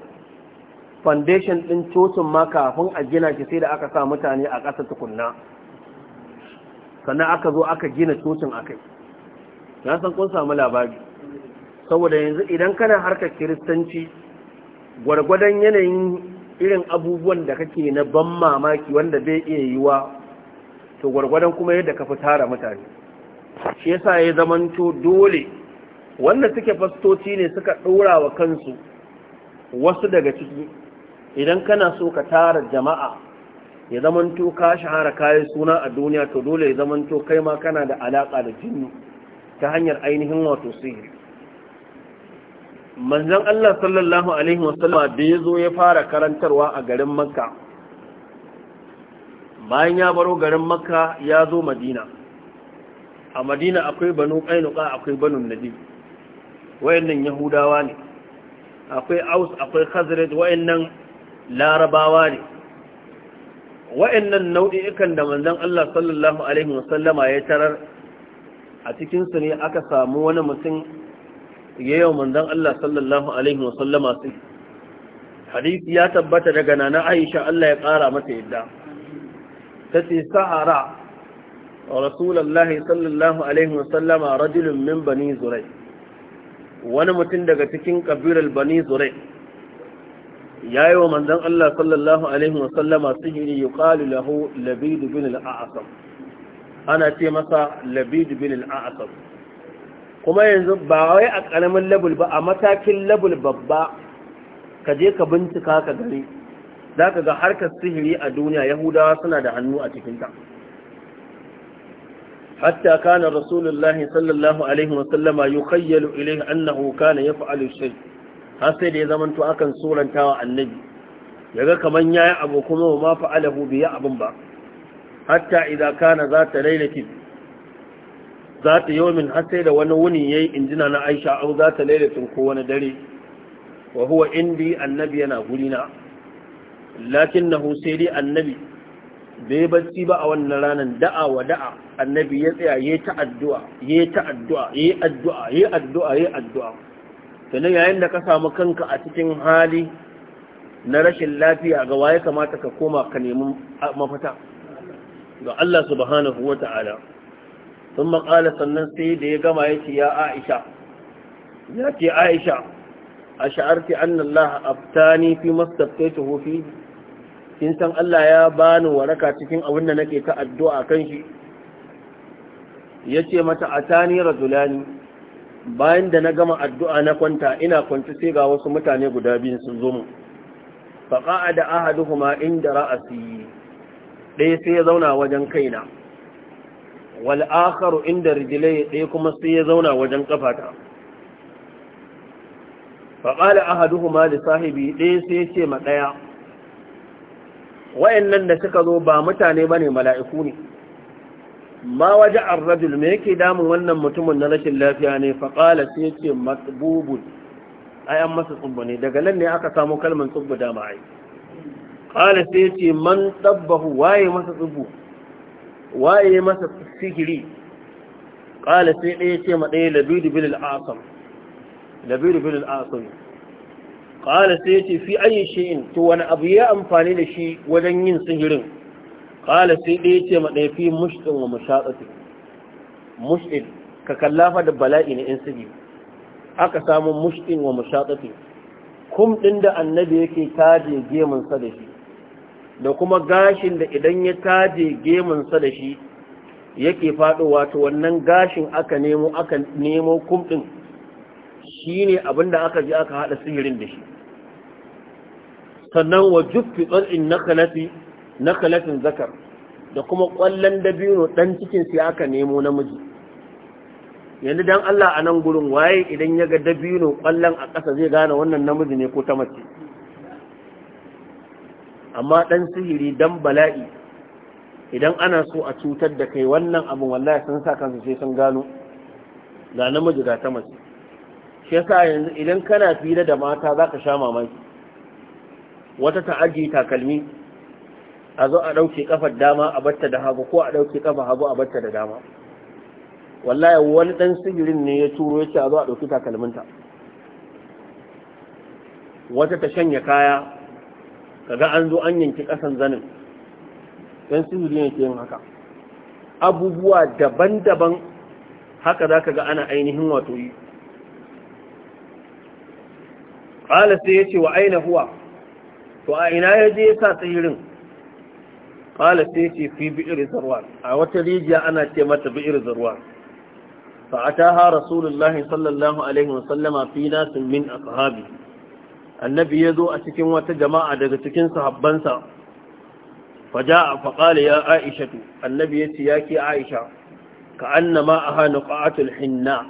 foundation ɗin cocin ma kafin a gina ki sai da aka sa mutane a ƙasa tukunna sannan aka zo aka gina cocin a kai na san kun samu labari saboda yanzu idan kana harka kiristanci gwargwadon yanayin irin abubuwan da kake na ban mamaki wanda bai iya yiwa to gwargwadon kuma yadda ka fi tara mutane shi yasa ya zamanto dole wanda suke fastoci ne suka ɗora wa kansu wasu daga ciki idan kana so ka tara jama'a ya zamanto ka shahara kayan suna a duniya to dole ya zamanto kai ma kana da alaƙa da jinni ta hanyar ainihin wato sihiri manzan Allah sallallahu Alaihi wasallam da yazo ya fara karantarwa a garin makka bayan ya baro garin makka ya zo madina a madina akwai banu ƙainuka akwai banu nadi wayannan yahudawa ne akwai aus akwai khazraj wayannan larabawa ne wayannan nau'ikan da manzon Allah sallallahu alaihi wasallama ya tarar a cikin su ne aka samu wani mutum yayyo manzon Allah sallallahu alaihi wasallama sai hadisi ya tabbata daga nana Aisha Allah ya kara mata yadda tace sa'ara رسول الله صلى الله عليه وسلم رجل من بني زريع wani mutum daga cikin ƙabilar bani yayi wa manzan Allah sallallahu Alaihi wasallama sihiri yi ƙalu lahu labidu bin al'asam ana ce masa labidu bin al'asam kuma yanzu ba wai a ƙaramin labul ba a matakin labul babba ka je ka bincika ka gari za ka ga harkar sihiri a duniya yahudawa suna da hannu a cikinta حتى كان رسول الله صلى الله عليه وسلم يخيل إليه أنه كان يفعل الشيء هسيد إذا من تؤكن سورة تاوى النبي يقولك من يعبكم وما فعله بيعب بعض حتى إذا كان ذات ليلة ذات يوم حسيد ونوني يي إنجنا عائشة أو ذات ليلة كون دري وهو عندي النبي أنا قلنا لكنه سيري النبي bai bacci ba a wannan ranar da'a wa da'a annabi ya tsaya ya ta addu'a ya ta addu'a ya addu'a ya addu'a ya addu'a sannan yayin da ka samu kanka a cikin hali na rashin lafiya ga waye kamata ka koma ka nemi mafita ga Allah subhanahu wa ta'ala sun maƙala sannan sai da ya gama ya ce ya aisha ya ce aisha a sha'arti annallaha abtani fi mastaftaitu fi kin san Allah ya bani waraka cikin abin da nake ta addu'a kan shi yace mata atani rajulani bayan da na gama addu'a na kwanta ina kwanci sai ga wasu mutane guda biyu sun zo mu fa qa'ada ahaduhuma inda ra'asi ɗaya sai ya zauna wajen kaina wal akharu inda rijlai ɗaya kuma sai ya zauna wajen kafata fa qala ahaduhuma li sahibi ɗaya sai ya ce ma ɗaya wayannan da suka zo ba mutane ba ne mala'iku ne ma waje ar-rajul me yake damun wannan mutumin na rashin lafiya ne fa qala sai yace matbubun a 'yan masa tsubba ne daga nan ne aka samu kalmar tsubba da ma ai qala sai yace man tabbahu waye masa tsubbu waye masa sihiri Ƙala sai ɗaya ce ma ɗaya labidu bil asam labidu bil asam qala sai ce, fi ayi shay'in to wani abu ya amfani da shi wajen yin sihirin qala sai dai yace ma dai fi mushtin wa mushaqati mushtin ka kallafa da bala'i na in sigi aka samu mushtin wa mushaqati kum ɗin da annabi yake taje gemunsa da shi da kuma gashin da idan ya taje gemunsa da shi yake faɗowa to wannan gashin aka nemo aka nemo kum ɗin shi ne abin da aka ji aka haɗa sihirin da shi sannan wa jufi tsarin na nakalatin zakar da kuma ƙwallon dabino ɗan cikin sai aka nemo namiji yanzu dan Allah a nan gurin waye idan ya ga dabino ƙwallon a ƙasa zai gane wannan namiji ne ko ta mace amma ɗan sihiri dan bala'i idan ana so a cutar da kai wannan abin wallahi sun sa kansu sai sun gano ga namiji ga ta mace shi yasa yanzu idan kana fira da mata zaka sha mamaki wata ta ajiye takalmi a zo a ɗauke ƙafar dama a batta da hagu ko a ɗauke ƙafa hagu a batta da dama wallahi wani ɗan sigirin ne ya turo ya ce a zo a ɗauki takalminta wata ta shanya kaya kaga an zo an yanki kasan zanin Dan sigiri ne ke yin haka abubuwa daban-daban haka za ka ga ana ainihin wato yi ƙala sai ya ce wa aina huwa to a ina ya je ya sa tsirin qala sai ce fi bi'ir zarwan a wata rijiya ana ce mata bi'ir zarwan fa ataha rasulullah sallallahu alaihi wa sallama fi nasin min ashabi annabi ya zo a cikin wata jama'a daga cikin sahabbansa fa ja'a fa qala ya aisha annabi ya ce yake aisha ka annama aha nuqatul hinna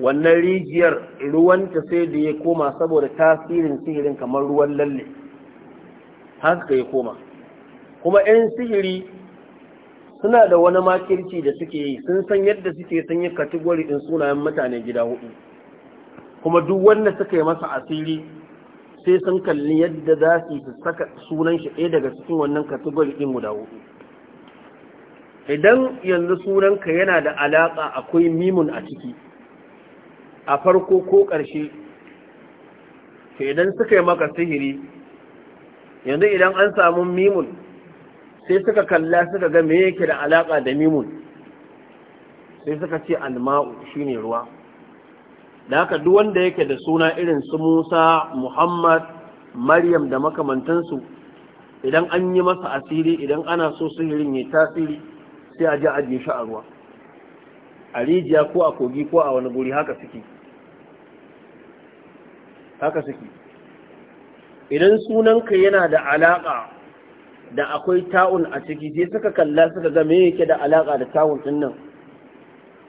wannan rijiyar ruwanta sai da ya koma saboda tasirin sihirin kamar ruwan lalle haka ya koma kuma 'yan sihiri suna da wani makirci da suke yi sun san yadda suke sun yi kategori ɗin sunayen mutane gida hudu kuma duk wanda suka yi masa asiri sai sun kalli yadda za su saka sunan shi ɗaya daga cikin wannan kategori ɗin guda hudu idan yanzu sunanka yana da alaƙa akwai mimun a ciki a farko ko ƙarshe idan suka yi maka sihiri yanzu idan an samu mimun sai suka kalla suka ga me yake da alaka da mimun sai suka ce alma'u shine ruwa da haka duk wanda yake da suna irin su Musa Muhammad Maryam da makamantansu idan an yi masa asiri idan ana so sihirin ya tasiri sai a ji ajiye shi a ruwa a rijiya ko a kogi ko a wani guri haka suke haka suke idan sunanka yana da alaƙa da akwai ta'un a ciki sai suka kalla suka ga me yake da alaƙa da ta'un din nan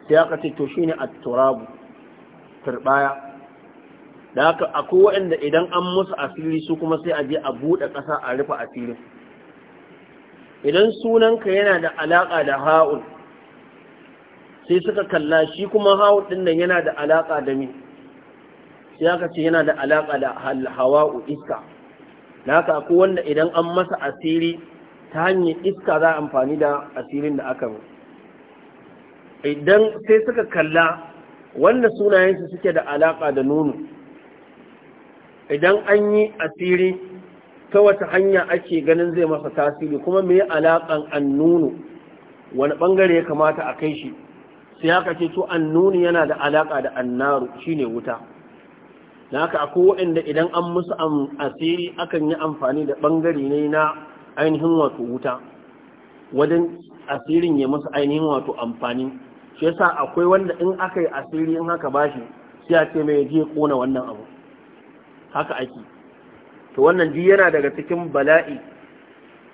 sai aka ce to shine at-turabu turbaya da haka akwai waɗanda idan an musu asiri su kuma sai a je a buɗe ƙasa a rufe asirin idan sunanka yana da alaƙa da ha'un sai suka kalla shi kuma ha'un din nan yana da alaƙa da me sai aka ce yana da alaƙa da hawa'u iska na haka ko wanda idan an masa asiri ta hanyar iska za a amfani da asirin da aka mu idan sai suka kalla wanda sunayensu suke da alaƙa da nono idan an yi asiri ta wata hanya ake ganin zai masa tasiri kuma mai alaƙan an annuno wani ɓangare ya kamata a kai shi sai ko ce to yana da alaƙa da annaru shine wuta na haka akwai waɗanda idan an musu asiri akan yi amfani da bangare ne na ainihin wato wuta wajen asirin ya musu ainihin wato amfani shi yasa akwai wanda in aka yi asiri in haka bashi shi ya ce mai je kona wannan abu haka ake to wannan ji yana daga cikin bala'i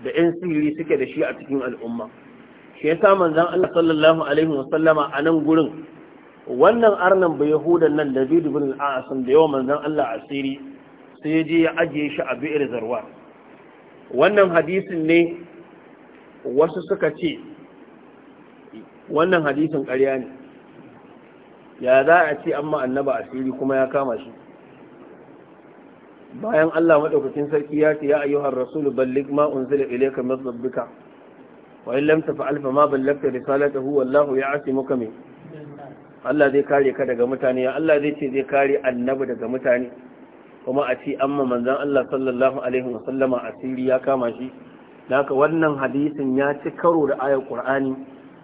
da 'yan sihiri suke da shi a cikin al'umma shi yasa manzan Allah sallallahu alaihi wasallama a nan gurin wannan arnan ba yahudan nan da bidu bin al'asan da yawa manzan Allah asiri sai je ya ajiye shi a bi'ir zarwa wannan hadisin ne wasu suka ce wannan hadisin ƙarya ne ya za a ce amma annaba asiri kuma ya kama shi bayan Allah maɗaukakin sarki ya ce ya ayyuhar rasulu ballig ma unzila ilayka min rabbika wa in lam tafa'al fa ma ballagta risalatahu wallahu ya'simuka min Allah zai kare ka daga mutane Allah zai ce zai kare annabi daga mutane kuma a ci amma manzan Allah sallallahu alaihi wasallama asiri ya kama shi naka wannan hadisin ya ci karo da ayar Qur'ani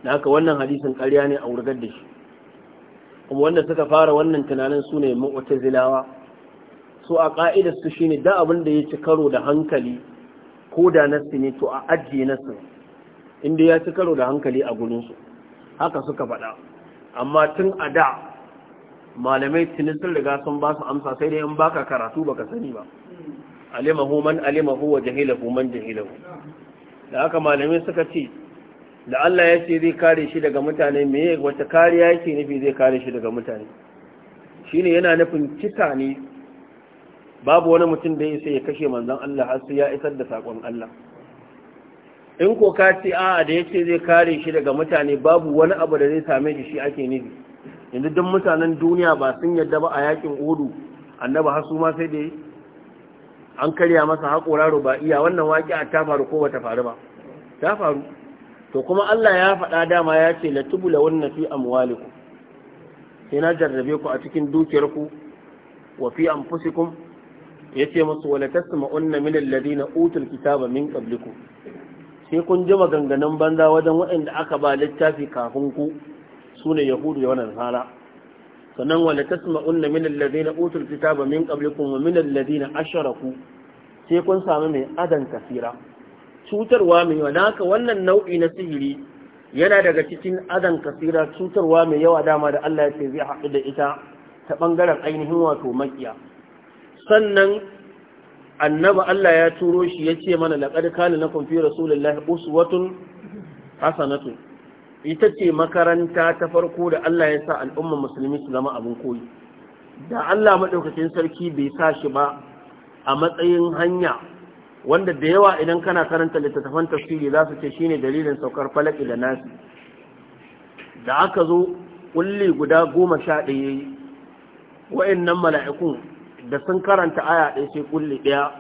naka wannan hadisin karya ne a wurgar da shi kuma wanda suka fara wannan tunanin su ne mu'tazilawa su a ka'idar su shine da abin da ya ci karo da hankali ko da nassi ne to a ajiye nassi inda ya ci karo da hankali a gurin haka suka faɗa amma tun a da malamai tuni sun riga sun ba su amsa sai dai in baka karatu baka sani ba alimahu man alimahu wa jahilahu man jahilahu da haka malamai suka ce da Allah ya ce zai kare shi daga mutane me wata kariya yake nufi zai kare shi daga mutane shine yana nufin cika ne babu wani mutum da ya sai ya kashe manzon Allah har sai ya isar da sakon Allah in ko ka ce a'a da yace zai kare shi daga mutane babu wani abu da zai same shi shi ake nufi yanzu duk mutanen duniya ba sun yadda ba a yakin odu annaba hasu ma sai da an karya masa haƙora iya wannan waƙi ta faru ko ta faru ba ta faru to kuma Allah ya faɗa dama ya ce tubula wannan fi amwalikum sai na jarrabe ku a cikin dukiyarku wa fi anfusikum yace musu wala tasma'unna min alladhina utul kitaba min qablikum sai kun ji maganganun banza wajen waɗanda aka ba littafi kafin ku su ne yahudu da wannan sara sannan wala tasma'unna min alladhina utul kitaba min qablikum wa min alladhina ku? sai kun samu mai adan kasira cutarwa mai yawa ka wannan nau'i na sihiri yana daga cikin adan kasira cutarwa mai yawa dama da Allah ya ce zai haɗu da ita ta bangaren ainihin wato makiya sannan annaba Allah ya turo shi ya ce mana laƙar kane na kwamfi rasulullahi uswatun hasanatu ita ce makaranta ta farko da Allah ya sa al'umman musulmi su zama abin koyi da Allah maɗaukacin sarki bai sa shi ba a matsayin hanya wanda da yawa idan kana karanta littattafan tafsiri za su ce shi ne dalilin saukar Falaƙi da nasi da aka zo ƙulli guda goma sha ɗaya wa'in nan mala'ikun da sun karanta aya ɗaya sai kulle ɗaya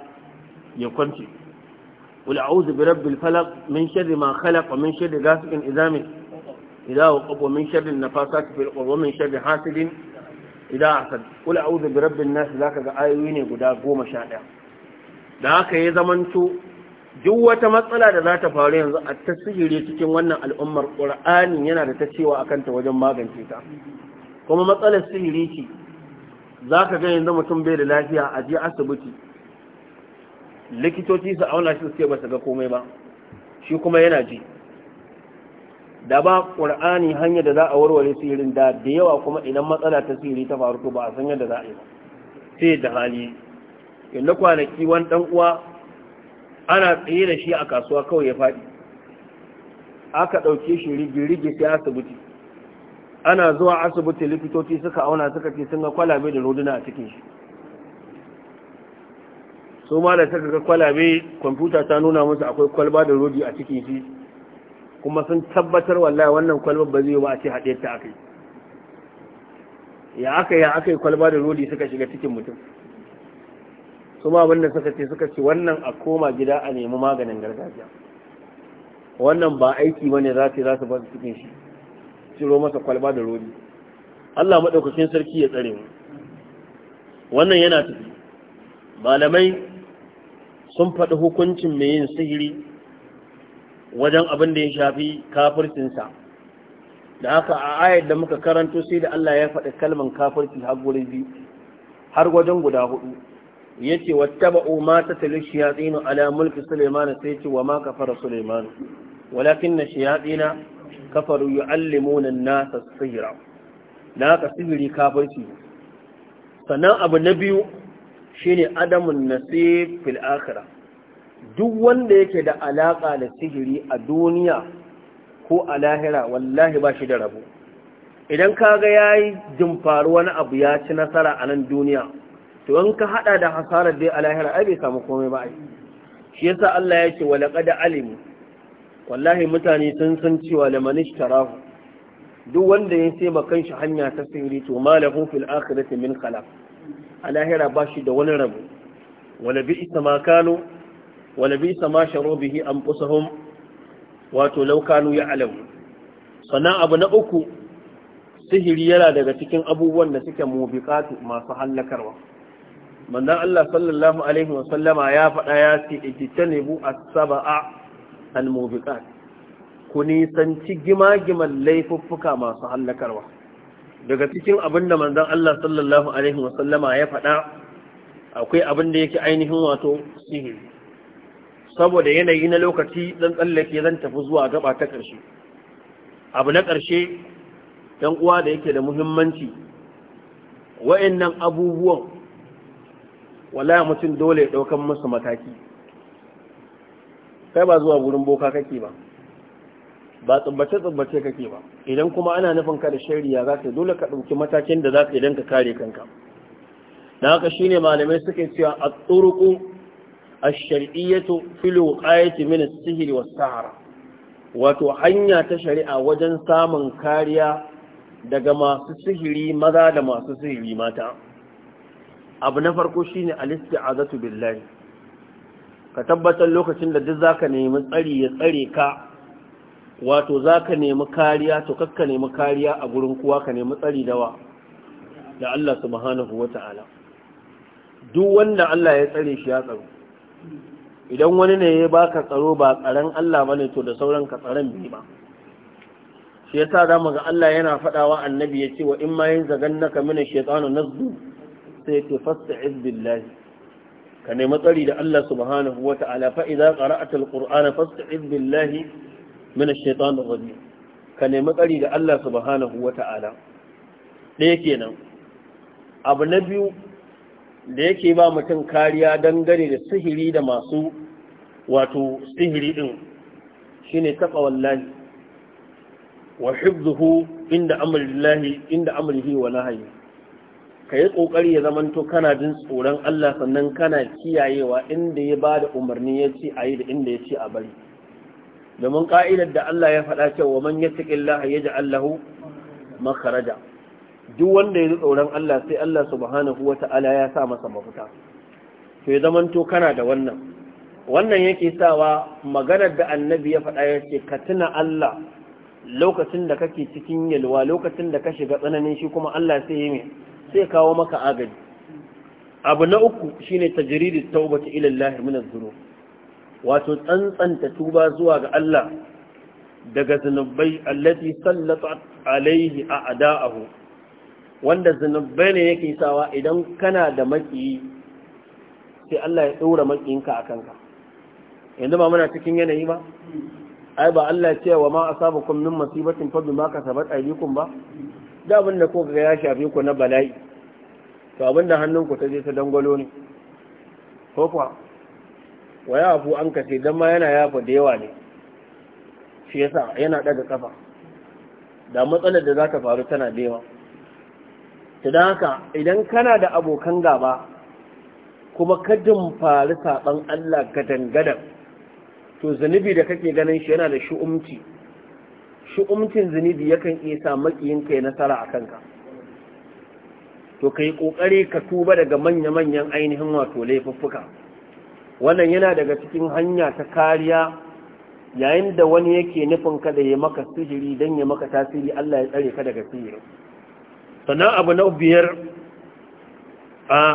ya kwanci wula auzu bi rabbil falaq min sharri ma khalaq wa min sharri ghasiqin idha min idha waqab wa min sharri nafasati fil qurub wa min sharri hasidin idha hasad wula auzu bin rabbin za ka ga ayoyi ne guda goma 11 da haka yayi zamanto duk wata matsala da za ta faru yanzu a ta tasiri cikin wannan al'ummar qur'ani yana da ta cewa a kanta wajen magance ta kuma matsalar sihiri ce za ka ga yanzu mutum bai da lafiya a je asibiti likitoci su auna shi suke ba su ga komai ba shi kuma yana ji da ba ƙur'ani hanyar da za a warware sirrin da da yawa kuma idan matsala ta sirri ta faru ko ba a san yadda za a yi ba sai da hali Inda kwanaki wani ɗan uwa ana tsaye da shi a kasuwa kawai ya faɗi aka ɗauke shi rigirigi sai asibiti ana zuwa asibiti likitoci suka auna suka ce sun ga kwalabe da roduna a cikin shi su ma da suka ga kwalabe kwamfuta ta nuna musu akwai kwalba da rodi a cikin shi kuma sun tabbatar wallahi wannan kwalbar ba zai ba a ce haɗe ta akai ya aka ya aka yi kwalba da rodi suka shiga cikin mutum su ma abinda suka ce suka ce wannan a koma gida a nemi maganin gargajiya wannan ba aiki bane za su za su ba cikin shi ciro masa kwalba da rodi Allah maɗaukakin sarki ya tsare mu wannan yana tafi malamai sun faɗi hukuncin mai yin sihiri wajen abin da ya shafi kafircinsa da haka a ayar da muka karanto sai da Allah ya faɗi kalman kafirci har gure biyu har wajen guda hudu ya ce wattaba'u ma ta tali shiyatsinu ala mulki suleiman sai ce wa ma kafara suleiman walakin na kafaru yu'allimuna an-nasa sihra na ka sihiri kafirci sannan abu na biyu shine adamun nasifil fil akhirah duk wanda yake da alaƙa da sihiri a duniya ko a lahira wallahi ba shi da rabo idan kaga yayi jimfaru wani abu ya ci nasara a nan duniya to in ka hada da hasarar dai a lahira ai bai samu komai ba ai shi yasa Allah ya ce wa laqad alimu wallahi mutane sun san cewa lamanish tarahu duk wanda ya sai makan shi hanya ta sirri to malahu fil akhirati min khalaq a ba shi da wani rabu wala bi isa ma kanu wala bi isa ma bihi wato law kanu ya'lamu sannan abu na uku sihiri yana daga cikin abubuwan da suke mubiqatu masu hallakarwa manzon Allah sallallahu alaihi wa sallama ya faɗa ya ce ijtanibu as-sab'a almubiqat ku nisanci gimagiman laifuffuka masu hallakarwa daga cikin abinda da manzon Allah sallallahu alaihi wasallama ya faɗa akwai abin da yake ainihin wato sihiri saboda yanayi na lokaci dan tsallake zan tafi zuwa gaba ta ƙarshe abu na ƙarshe dan uwa da yake da muhimmanci wa'annan abubuwan wala mutum dole ya ɗaukar musu mataki kai ba zuwa wurin boka kake ba ba tsubbace tsubbace kake ba idan kuma ana nufin ka da shari'a za ka dole ka ɗauki matakin da za ka idan ka kare kanka Na haka shine malamai suke cewa a turuqu a shariyyatu fil wuqayati min as-sihr was-sahara wato hanya ta shari'a wajen samun kariya daga masu sihiri maza da masu sihiri mata abu na farko shine al-isti'azatu billahi ka tabbatar lokacin da duk zaka nemi tsari ya tsare ka wato zaka nemi kariya to kakka nemi kariya a gurin kuwa ka nemi tsari dawa da Allah subhanahu wata'ala duk wanda Allah ya tsare shi ya tsaro idan wani ne ya baka tsaro ba tsaron Allah bane to da sauran ka tsaron biyu ba shi yasa zamu ga Allah yana faɗawa annabi ya wa in ma yin zagannaka min ash-shaytanu nazbu sai ce fasta'iz billahi ka nemi tsari da Allah subhanahu wa ta'ala fa idza ƙur'ana, alqur'ana fasta'id billahi min ash-shaytanir rajim ka nemi tsari da Allah subhanahu wa ta'ala ɗaya kenan abu na biyu da yake ba mutum kariya dangane da sihiri da masu wato sihiri ɗin shine taqwallahi wa hifdhuhu inda amrillahi inda amrihi wa nahyihi ka yi ƙoƙari ya zamanto kana jin tsoron Allah sannan kana kiyayewa inda ya ba da umarni ya ce a yi da inda ya ce a bari domin ƙa'idar da Allah ya faɗa cewa man ya cikin Allah ya ji Allahu makaraja duk wanda ya ji tsoron Allah sai Allah subhanahu wa ta'ala ya sa masa mafita to ya zamanto kana da wannan wannan yake sawa maganar da annabi ya faɗa ya ce ka tuna Allah lokacin da kake cikin yalwa lokacin da ka shiga tsananin shi kuma Allah sai ya yi sai kawo maka agaji abu na uku shine tajridit taubati ila Allah min adh-dhunub wato tsantsanta tuba zuwa ga Allah daga zanubai allati sallata alaihi a ada'ahu wanda zanubai ne yake sawa idan kana da maki sai Allah ya dora makinka a kanka yanzu ba muna cikin yanayi ba ai ba Allah ya ce wa ma asabakum min musibatin fa bima kasabat aydikum ba da abin da ko ya shafi ku na bala'i to abin da hannunku ta je ta dangwalo ne ko kuwa wa ya an kace dan ma yana yafa da yawa ne shi yasa yana daga kafa da matsalar da za ta faru tana da yawa to dan haka idan kana da abokan gaba kuma ka faru saɓan Allah gadangadan to zunubi da kake ganin shi yana da shu'umci shi umcin zunubi yakan iya sa makiyin ya nasara a kanka to kai kokari ka tuba daga manya-manyan ainihin wato laifuffuka wannan yana daga cikin hanya ta kariya yayin da wani yake nufin ka da ya maka sihiri don ya maka tasiri Allah ya tsare ka daga sihiri sannan abu na biyar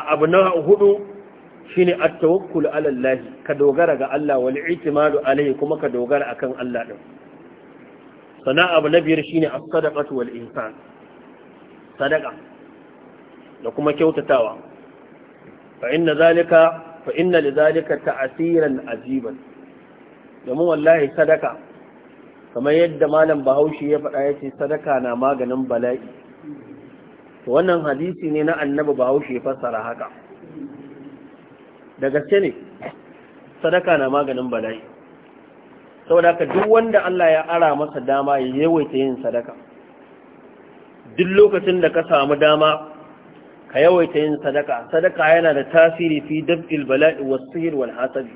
abu na hudu shine at-tawakkul ala Allah ka dogara ga Allah wal i'timadu alayhi kuma ka dogara akan Allah din sana abu na biyar shine as-sadaqatu wal ihsan sadaqa da kuma kyautatawa fa inna zalika fa inna lidhalika ta'siran ajiban domin wallahi sadaka kamar yadda malam Bahaushe ya faɗa ya ce sadaka na maganin bala'i to wannan hadisi ne na annabi Bahaushe fassara haka da gaske ne sadaka na maganin bala'i saboda ka duk wanda Allah ya ara masa dama ya yawaita yin sadaka duk lokacin da ka samu dama ka yawaita yin sadaka sadaka yana da tasiri fi dab'il bala'i was sihr wal hasad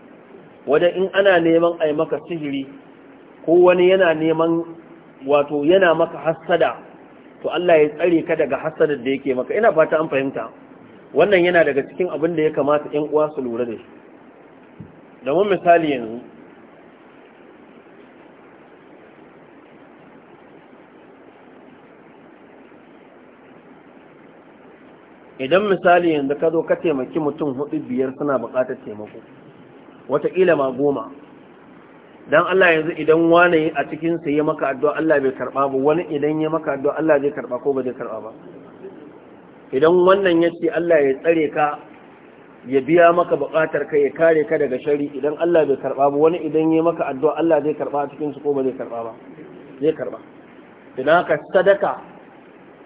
wanda in ana neman ai maka sihiri ko wani yana neman wato yana maka hasada to Allah ya tsare ka daga hasadar da yake maka ina fata an fahimta wannan yana daga cikin abin da ya kamata ƴan uwa su lura da shi domin misali yanzu idan misali yanzu ka zo ka taimaki mutum hudu biyar suna buƙatar taimako wataƙila ma goma don Allah yanzu idan wane a cikinsa ya maka addu'a Allah bai karɓa ba wani idan ya maka addu'a Allah zai karɓa ko ba zai karɓa ba idan wannan ya ce Allah ya tsare ka ya biya maka buƙatar ka ya kare ka daga shari idan Allah bai karɓa ba wani idan ya maka addu'a Allah zai karɓa a cikinsu ko ba zai karɓa ba zai karɓa idan haka sadaka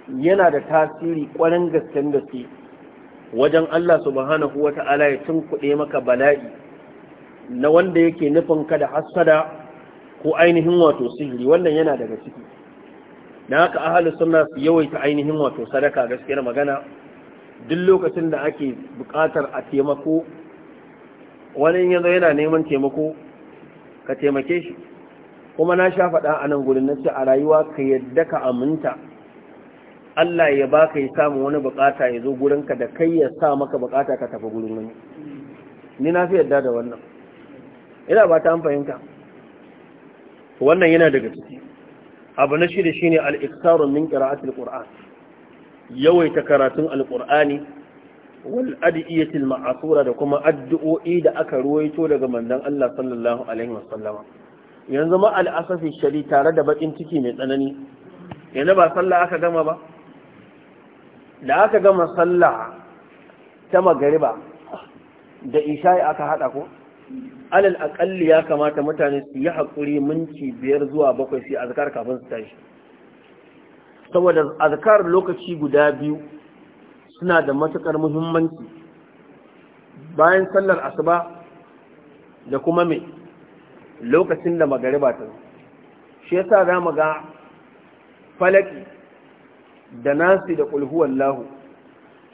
yana da tasiri ƙwarin gasken da su wajen Allah subhanahu wa ta'ala ya kuɗe maka bala'i na wanda yake nufin ka da hassada ko ainihin wato sihiri wannan yana daga ciki na haka ahalus suna su yawaita ainihin wato sadaka gaskiyar magana duk lokacin da ake buƙatar a taimako wani yanzu yana neman taimako ka taimake shi kuma na sha faɗa a nan gudun na ce a rayuwa ka yadda ka aminta Allah ya baka ya samu wani bukata ya zo gurinka da kai ya sa maka bukata ka tafi gurin wani ni na fi yadda da wannan ina ba ta ka. wannan yana daga ciki abu na da shine al-iktaru min qira'ati al yawaita karatun Al'ƙur'ani qurani wal adiyati da kuma addu'o'i da aka ruwaito daga mandan Allah sallallahu yanzu ma shari tare da bakin ciki mai tsanani yanzu ba sallah aka gama ba da aka gama sallah ta magariba da isha'i aka haɗa ko alal akalli ya kamata mutane su yi haƙuri minti biyar zuwa bakwai sai azkar kafin su tashi saboda azkar lokaci guda biyu suna da matuƙar muhimmanci bayan sallar asuba da kuma mai lokacin da magariba ta shi yasa za mu ga falaki da nasi da kulhu lahu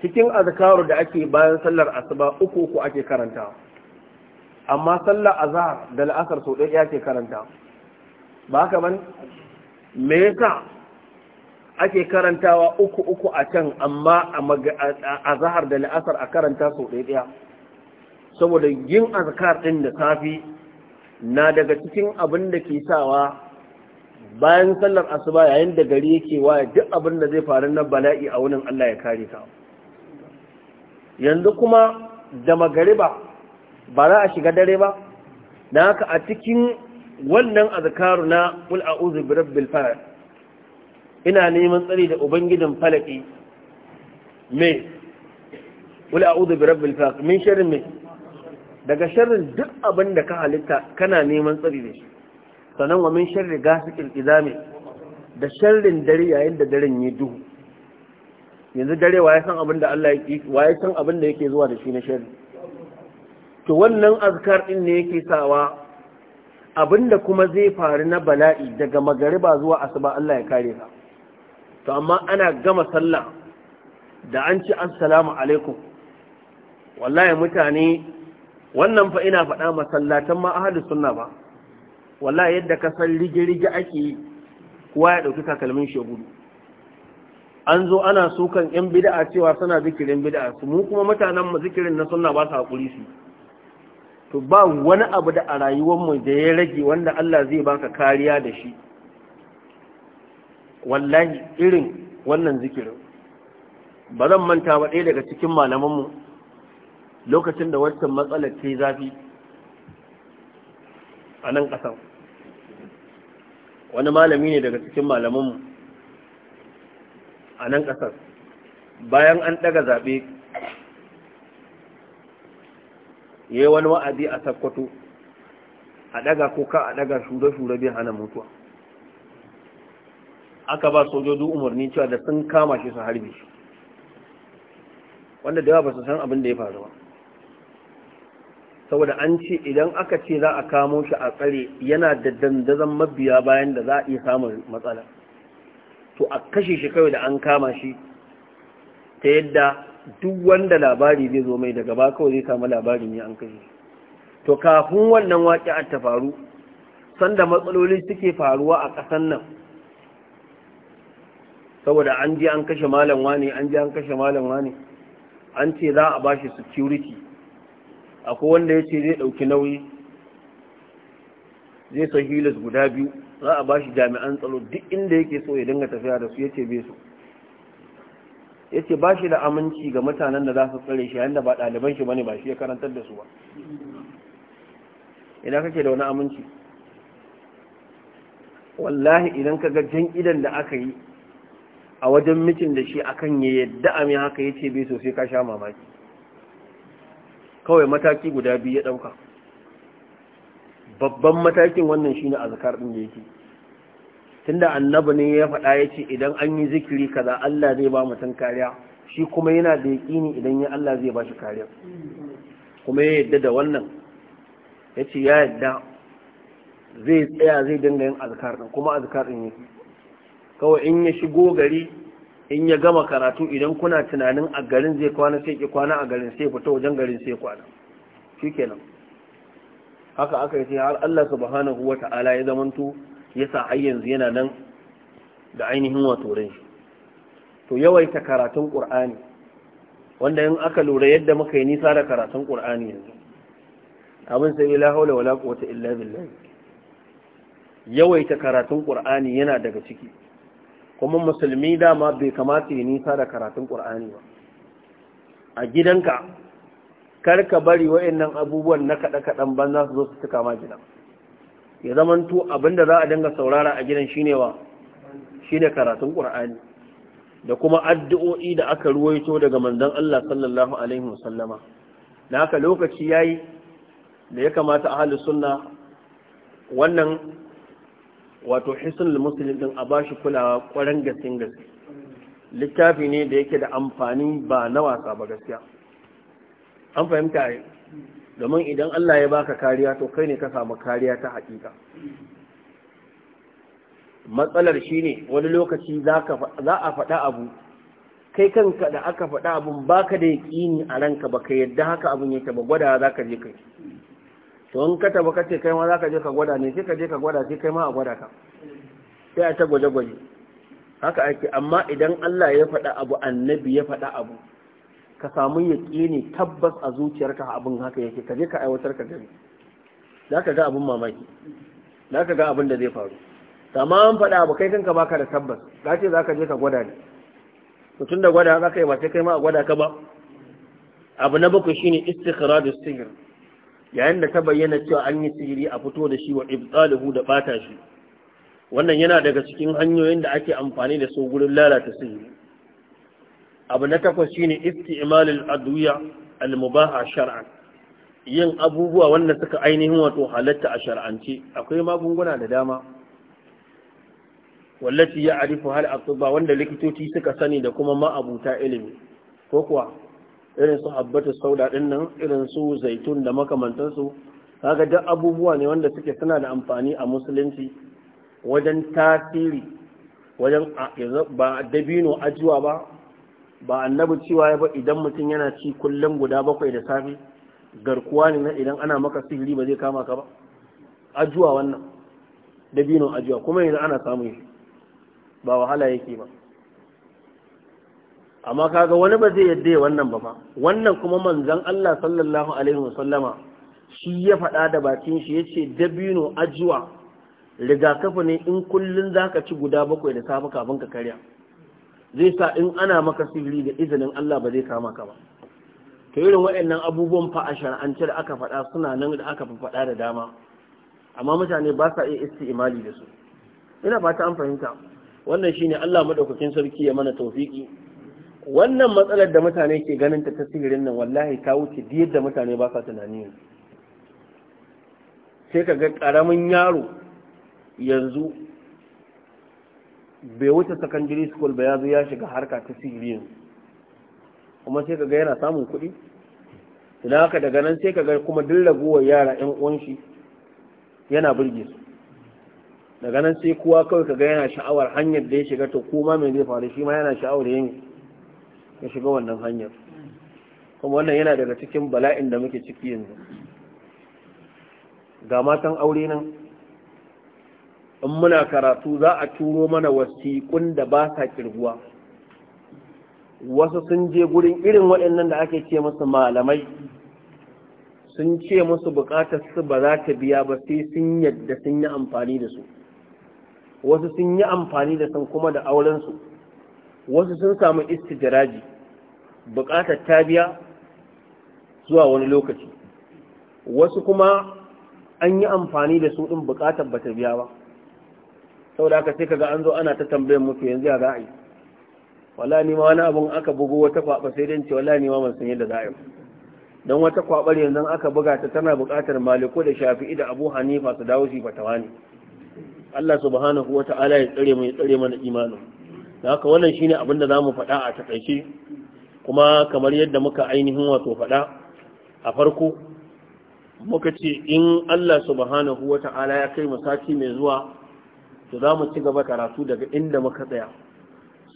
cikin azkaru da ake bayan sallar asuba uku uku ake karanta amma sallar azhar da la'asar sau ɗaya ake karanta ba haka ban me yasa ake karantawa uku uku a can amma a zahar da la'asar a karanta sau ɗaya saboda yin azkar ɗin da safi na daga cikin abin da ke sawa bayan sallar asuba yayin da gari yake waya duk abin da zai faru na bala'i a wurin Allah ya kare ka yanzu kuma da magariba ba za a shiga dare ba na haka a cikin wannan azkaru na qul a'udhu bi rabbil falaq ina neman tsari da ubangijin falaki me qul a'udhu bi rabbil falaq min sharri me daga sharrin duk abin da ka halitta kana neman tsari da shi sannan wa min sharri gasiqil idami da sharrin dare yayin da daren ya duhu yanzu dare waye san abin da Allah yake waye san abin da yake zuwa da shi na sharri to wannan azkar din ne yake sawa abinda kuma zai faru na bala'i daga magariba zuwa asuba Allah ya kare ka to amma ana gama sallah da an ci assalamu alaikum wallahi mutane wannan fa ina faɗa masallatan ma ahadu sunna ba Walla yadda ka san rigi-rigi ake kowa ya ɗauki takalmin shi an zo ana sukan yan bida'a cewa suna zikirin bida'a, su mu kuma mutanen mu zikirin na suna ba su hakuri su to ba wani abu da a rayuwar mu da ya rage wanda Allah zai baka kariya da shi wallahi irin wannan zikirin ba zan manta ba ɗaya daga cikin malaman mu lokacin da wancan matsalar ta zafi a nan ƙasar wani malami ne daga cikin malamanmu a nan ƙasar bayan an ɗaga zaɓe ya yi wani wa'adi a sakkwato a ɗaga ko ka a ɗaga shure-shure bin hana mutuwa aka ba sojoji umarni cewa da sun kama shi su harbi. shi wanda da yawa ba su san abin da ya faru ba saboda an ce idan aka ce za a kamo shi a tsare yana da dandazon mabiya bayan da za a iya samun matsala to a kashe shi kawai da an kama shi ta yadda duk wanda labari zai zo mai daga ba kawai zai samu labari ne an kashe shi to kafin wannan waƙi ta faru sanda matsaloli suke faruwa a ƙasan nan saboda an je an kashe malam ne, an je an kashe malam ne, an ce za a bashi security akwai wanda ya ce zai ɗauki nauyi zai san hilas guda biyu za a bashi jami'an tsaro duk inda yake so ya dinga tafiya da su ya ce bai su ya ce ba shi da aminci ga mutanen da za su tsare shi yayin da ba ɗaliban shi bane ba shi ya karantar da su ba idan kake da wani aminci wallahi idan ka ga jan idan da aka yi a wajen mitin da shi akan ya yadda haka ya ce bai sosai ka sha mamaki kawai mataki guda biyu ya ɗauka babban matakin wannan shi ne azkar ɗin da yake tunda annabi ne ya faɗa ya ce idan an yi zikiri kaza Allah zai ba mutum kariya shi kuma yana da yaƙini idan ya Allah zai ba shi kariya kuma ya yadda da wannan ya ce ya yadda zai tsaya zai dinga yin azkar ɗin kuma azkar ɗin yake kawai in ya shigo gari in ya gama karatu idan kuna tunanin a garin zai kwana sai ki kwana a garin sai fito wajen garin sai kwana shi kenan haka aka yi sai har Allah subhanahu wa ta'ala ya zamanto ya sa har yanzu yana nan da ainihin wato ran shi to yawaita karatun qur'ani wanda in aka lura yadda muka yi nisa da karatun qur'ani yanzu abin sai la haula wala quwwata illa billah yawaita karatun qur'ani yana daga ciki kuma musulmi dama bai kamata ya nisa da karatun ƙur'ani ba a gidanka kar ka bari wa'annan abubuwan na kaɗe-kaɗen za su zo su suka ma gidan ya zamanto abinda za a dinga saurara a gidan shine wa shine karatun ƙur'ani da kuma addu'o'i da aka ruwaito daga manzon Allah sallallahu alaihi wasallama da haka lokaci yayi da ya kamata ahlus sunna wannan wato al muslim din a bashi kulawa kwaran gasin gaske littafi ne da yake da amfani ba na wasa ba gaskiya an fahimta yi domin idan Allah ya baka kariya to kai ne ka samu kariya ta hakika matsalar shine wani lokaci za a faɗa abu kai kanka da aka faɗa abun baka da yaƙini a ranka ba kai, yadda haka abun yake ba gwada za ka je kai to in ka ce kai ma za ka je ka gwada ne sai ka je ka gwada sai kai ma a gwada ka sai a ta gwaje-gwaje haka ake amma idan Allah ya faɗa abu annabi ya faɗa abu ka samu yaƙini tabbas a zuciyarka abin haka yake ka je ka aiwatar ka gani za ka ga abin mamaki za ka ga abin da zai faru tamam faɗa abu kai kanka baka da tabbas za ce za ka je ka gwada ne mutum da gwada za ka yi ba sai kai ma a gwada ka ba abu na bakwai shine istikhradu sigir yayin da ta bayyana cewa an yi sihiri a fito da shi wa ibtalahu da bata shi wannan yana daga cikin hanyoyin da ake amfani da su gurin lalata sihiri abu na takwas shine isti'malul adwiya al-mubaha shar'an yin abubuwa wanda suka ainihin wato halatta a shar'ance akwai magunguna da dama wallati ya arifu hal asuba, wanda likitoci suka sani da kuma abuta ilimi ko kuwa irin su habbatu sauda din nan irin su zaitun da makamantansu kaga duk abubuwa ne wanda suke suna da amfani a musulunci wajen tasiri wajen ba dabino ajiwa ba ba annabi cewa ya ba idan mutum yana ci kullum guda bakwai da safe garkuwa ne na idan ana maka sihiri ba zai kama ka ba ajuwa wannan dabino ajuwa kuma yanzu ana samun shi ba wahala yake ba amma kaga wani ba zai yadda wannan ba fa wannan kuma manzon Allah sallallahu alaihi wasallama shi ya faɗa da bakin shi yace dabino ajuwa rigakafi ne in kullun zaka ci guda bakwai da safe kafin ka karya zai sa in ana maka sirri da izinin Allah ba zai kama ka ba to irin waɗannan abubuwan fa a shar'ance da aka fada suna nan da aka faɗa da dama amma mutane ba sa iya istimali da su ina fata an fahimta wannan shine Allah madaukakin sarki ya mana tawfiki wannan matsalar da mutane ke ganin ta tasirin nan wallahi ta wuce diyar da mutane ba sa tunani sai ka ga ƙaramin yaro yanzu bai wuce secondary school ba ya zo ya shiga harka ta siriyan kuma sai ka ga yana samun kuɗi idan haka daga nan sai ka ga kuma duk ragowar yara 'yan uwanshi yana burge su daga nan sai kowa kawai ka ga yana sha'awar hanyar da ya shiga to kuma mai zai faru shi ma yana sha'awar yin ya shiga wannan hanyar kuma wannan yana daga cikin bala'in da muke ciki yanzu ga matan aure nan in muna karatu za a turo mana wasiƙun da ba sa kirguwa wasu sun je gurin irin waɗannan da ake ce musu malamai sun ce musu buƙatar su ba za ta biya ba sai sun yadda sun yi amfani da su wasu sun yi amfani da sun kuma da aurensu wasu sun samu istijiraji buƙatar tabiya zuwa wani lokaci wasu kuma an yi amfani da su ɗin buƙatar ba ta biya ba sau da aka sai kaga an zo ana ta tambayar mutu yanzu ya za wala nima ma wani abin aka bugu wata kwaɓa sai dai ce wala nima ma ban san yadda za a don wata kwaɓar yanzu aka buga ta tana buƙatar maliko da shafi'i da abu hanifa su dawo shi fatawa ne Allah subhanahu wa ta'ala ya tsare mu ya tsare mana imanin da haka wannan shi ne abin da mu faɗa a taƙaice kuma kamar yadda muka ainihin wato faɗa a farko muka ce in Allah subhanahu ta'ala ya kai mu sati mai zuwa to za mu ci gaba karatu daga inda muka tsaya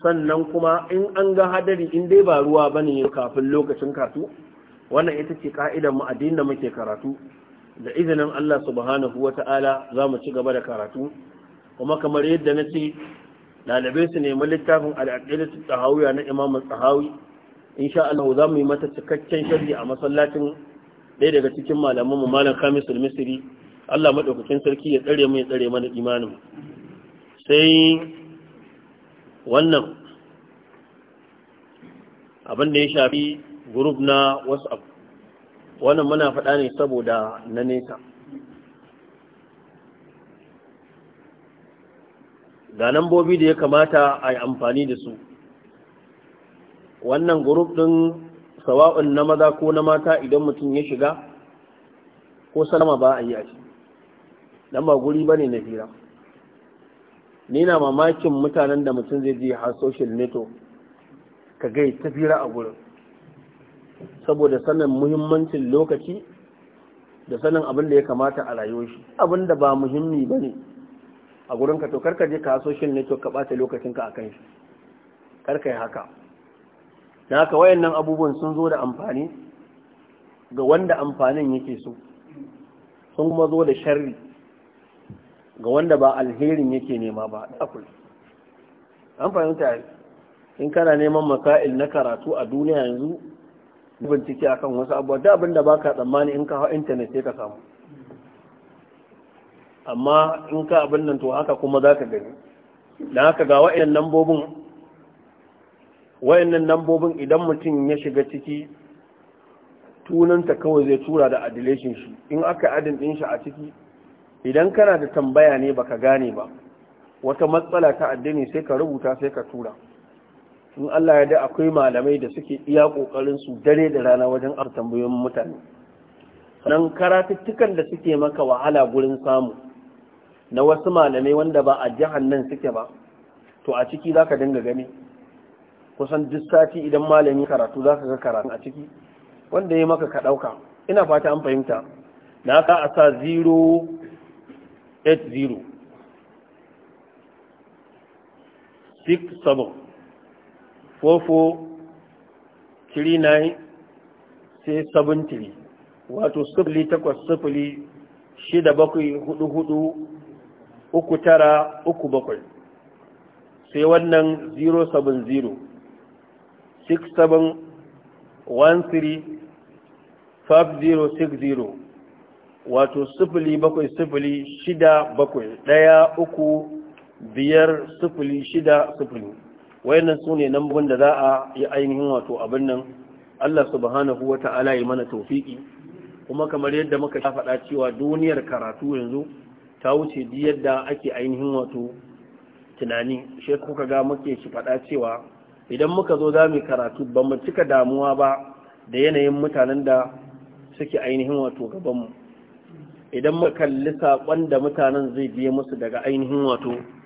sannan kuma in an ga hadari in dai ba ruwa ba ne kafin lokacin karatu wannan ita ce ka'idar mu addinin da muke karatu da izinin Allah subhanahu ta'ala za mu ci gaba da karatu kuma kamar yadda na ce Dalibai su nemi littafin su tsahawiya na imamu tsahawi sha Allah za mu yi mata cikakken sharhi a masallacin ɗaya daga cikin malaman mu malam kamis al-Misri Allah madaukakin sarki ya tsare mu ya tsare mana imanin sai wannan abin da ya shafi group na WhatsApp wannan muna faɗa ne saboda na nesa ga lambobi da ya kamata a yi amfani da su wannan guruf ɗin sawa'un na maza ko na mata idan mutum ya shiga ko salama ba a yi a shi don ba guri ba ne na hira ni na mamakin mutanen da mutum zai je har social network ka gai ta fira a gurin saboda sanin muhimmancin lokaci da sanin abin da ya kamata a rayuwa shi abin da ba muhimmi ba ne a gurinka to karka je ka social network ka bace lokacinka a kan shi karka yi haka na haka wayannan abubuwan sun zo da amfani ga wanda amfanin yake so sun kuma zo da sharri ga wanda ba alherin yake nema ba ɗakul an fahimta in kana neman maka'il na karatu a duniya yanzu bincike akan wasu abubuwa da abin da baka tsammani in ka hau intanet sai ka samu amma in ka abin nan to haka kuma za ka gani da haka ga wa'in nambobin nambobin idan mutum ya shiga ciki tunanta kawai zai tura da adileshin shi in aka adin ɗin shi a ciki idan kana da tambaya ne baka gane ba wata matsala ta addini sai ka rubuta sai ka tura in Allah ya da akwai malamai da suke iya kokarin su dare da rana wajen ar tambayoyin mutane nan karatuttukan da suke maka wahala gurin samu na wasu malamai wanda ba a jihar nan suke ba to a ciki za ka dinga gani kusan duk idan malami karatu za ka ga karatu a ciki wanda ya maka ka ɗauka ina fata an fahimta na ka a sa 080 wato 44 wato 08 7 uku tara uku bakwai sai wannan 070 6713 wato sifili bakwai sifili shida bakwai ɗaya uku biyar sifili shida sifili wayannan su ne nambun da za a yi ainihin wato abin nan Allah subhanahu wa ta'ala ya mana taufiki kuma kamar yadda muka faɗa cewa duniyar karatu yanzu ta wuce duk yadda ake ainihin wato tunani shi kuka ga muke shi faɗa cewa idan muka zo za mu karatu ba mu cika damuwa ba da yanayin mutanen da suke ainihin wato gabanmu idan muka kalli saƙon da mutanen zai biye musu daga ainihin wato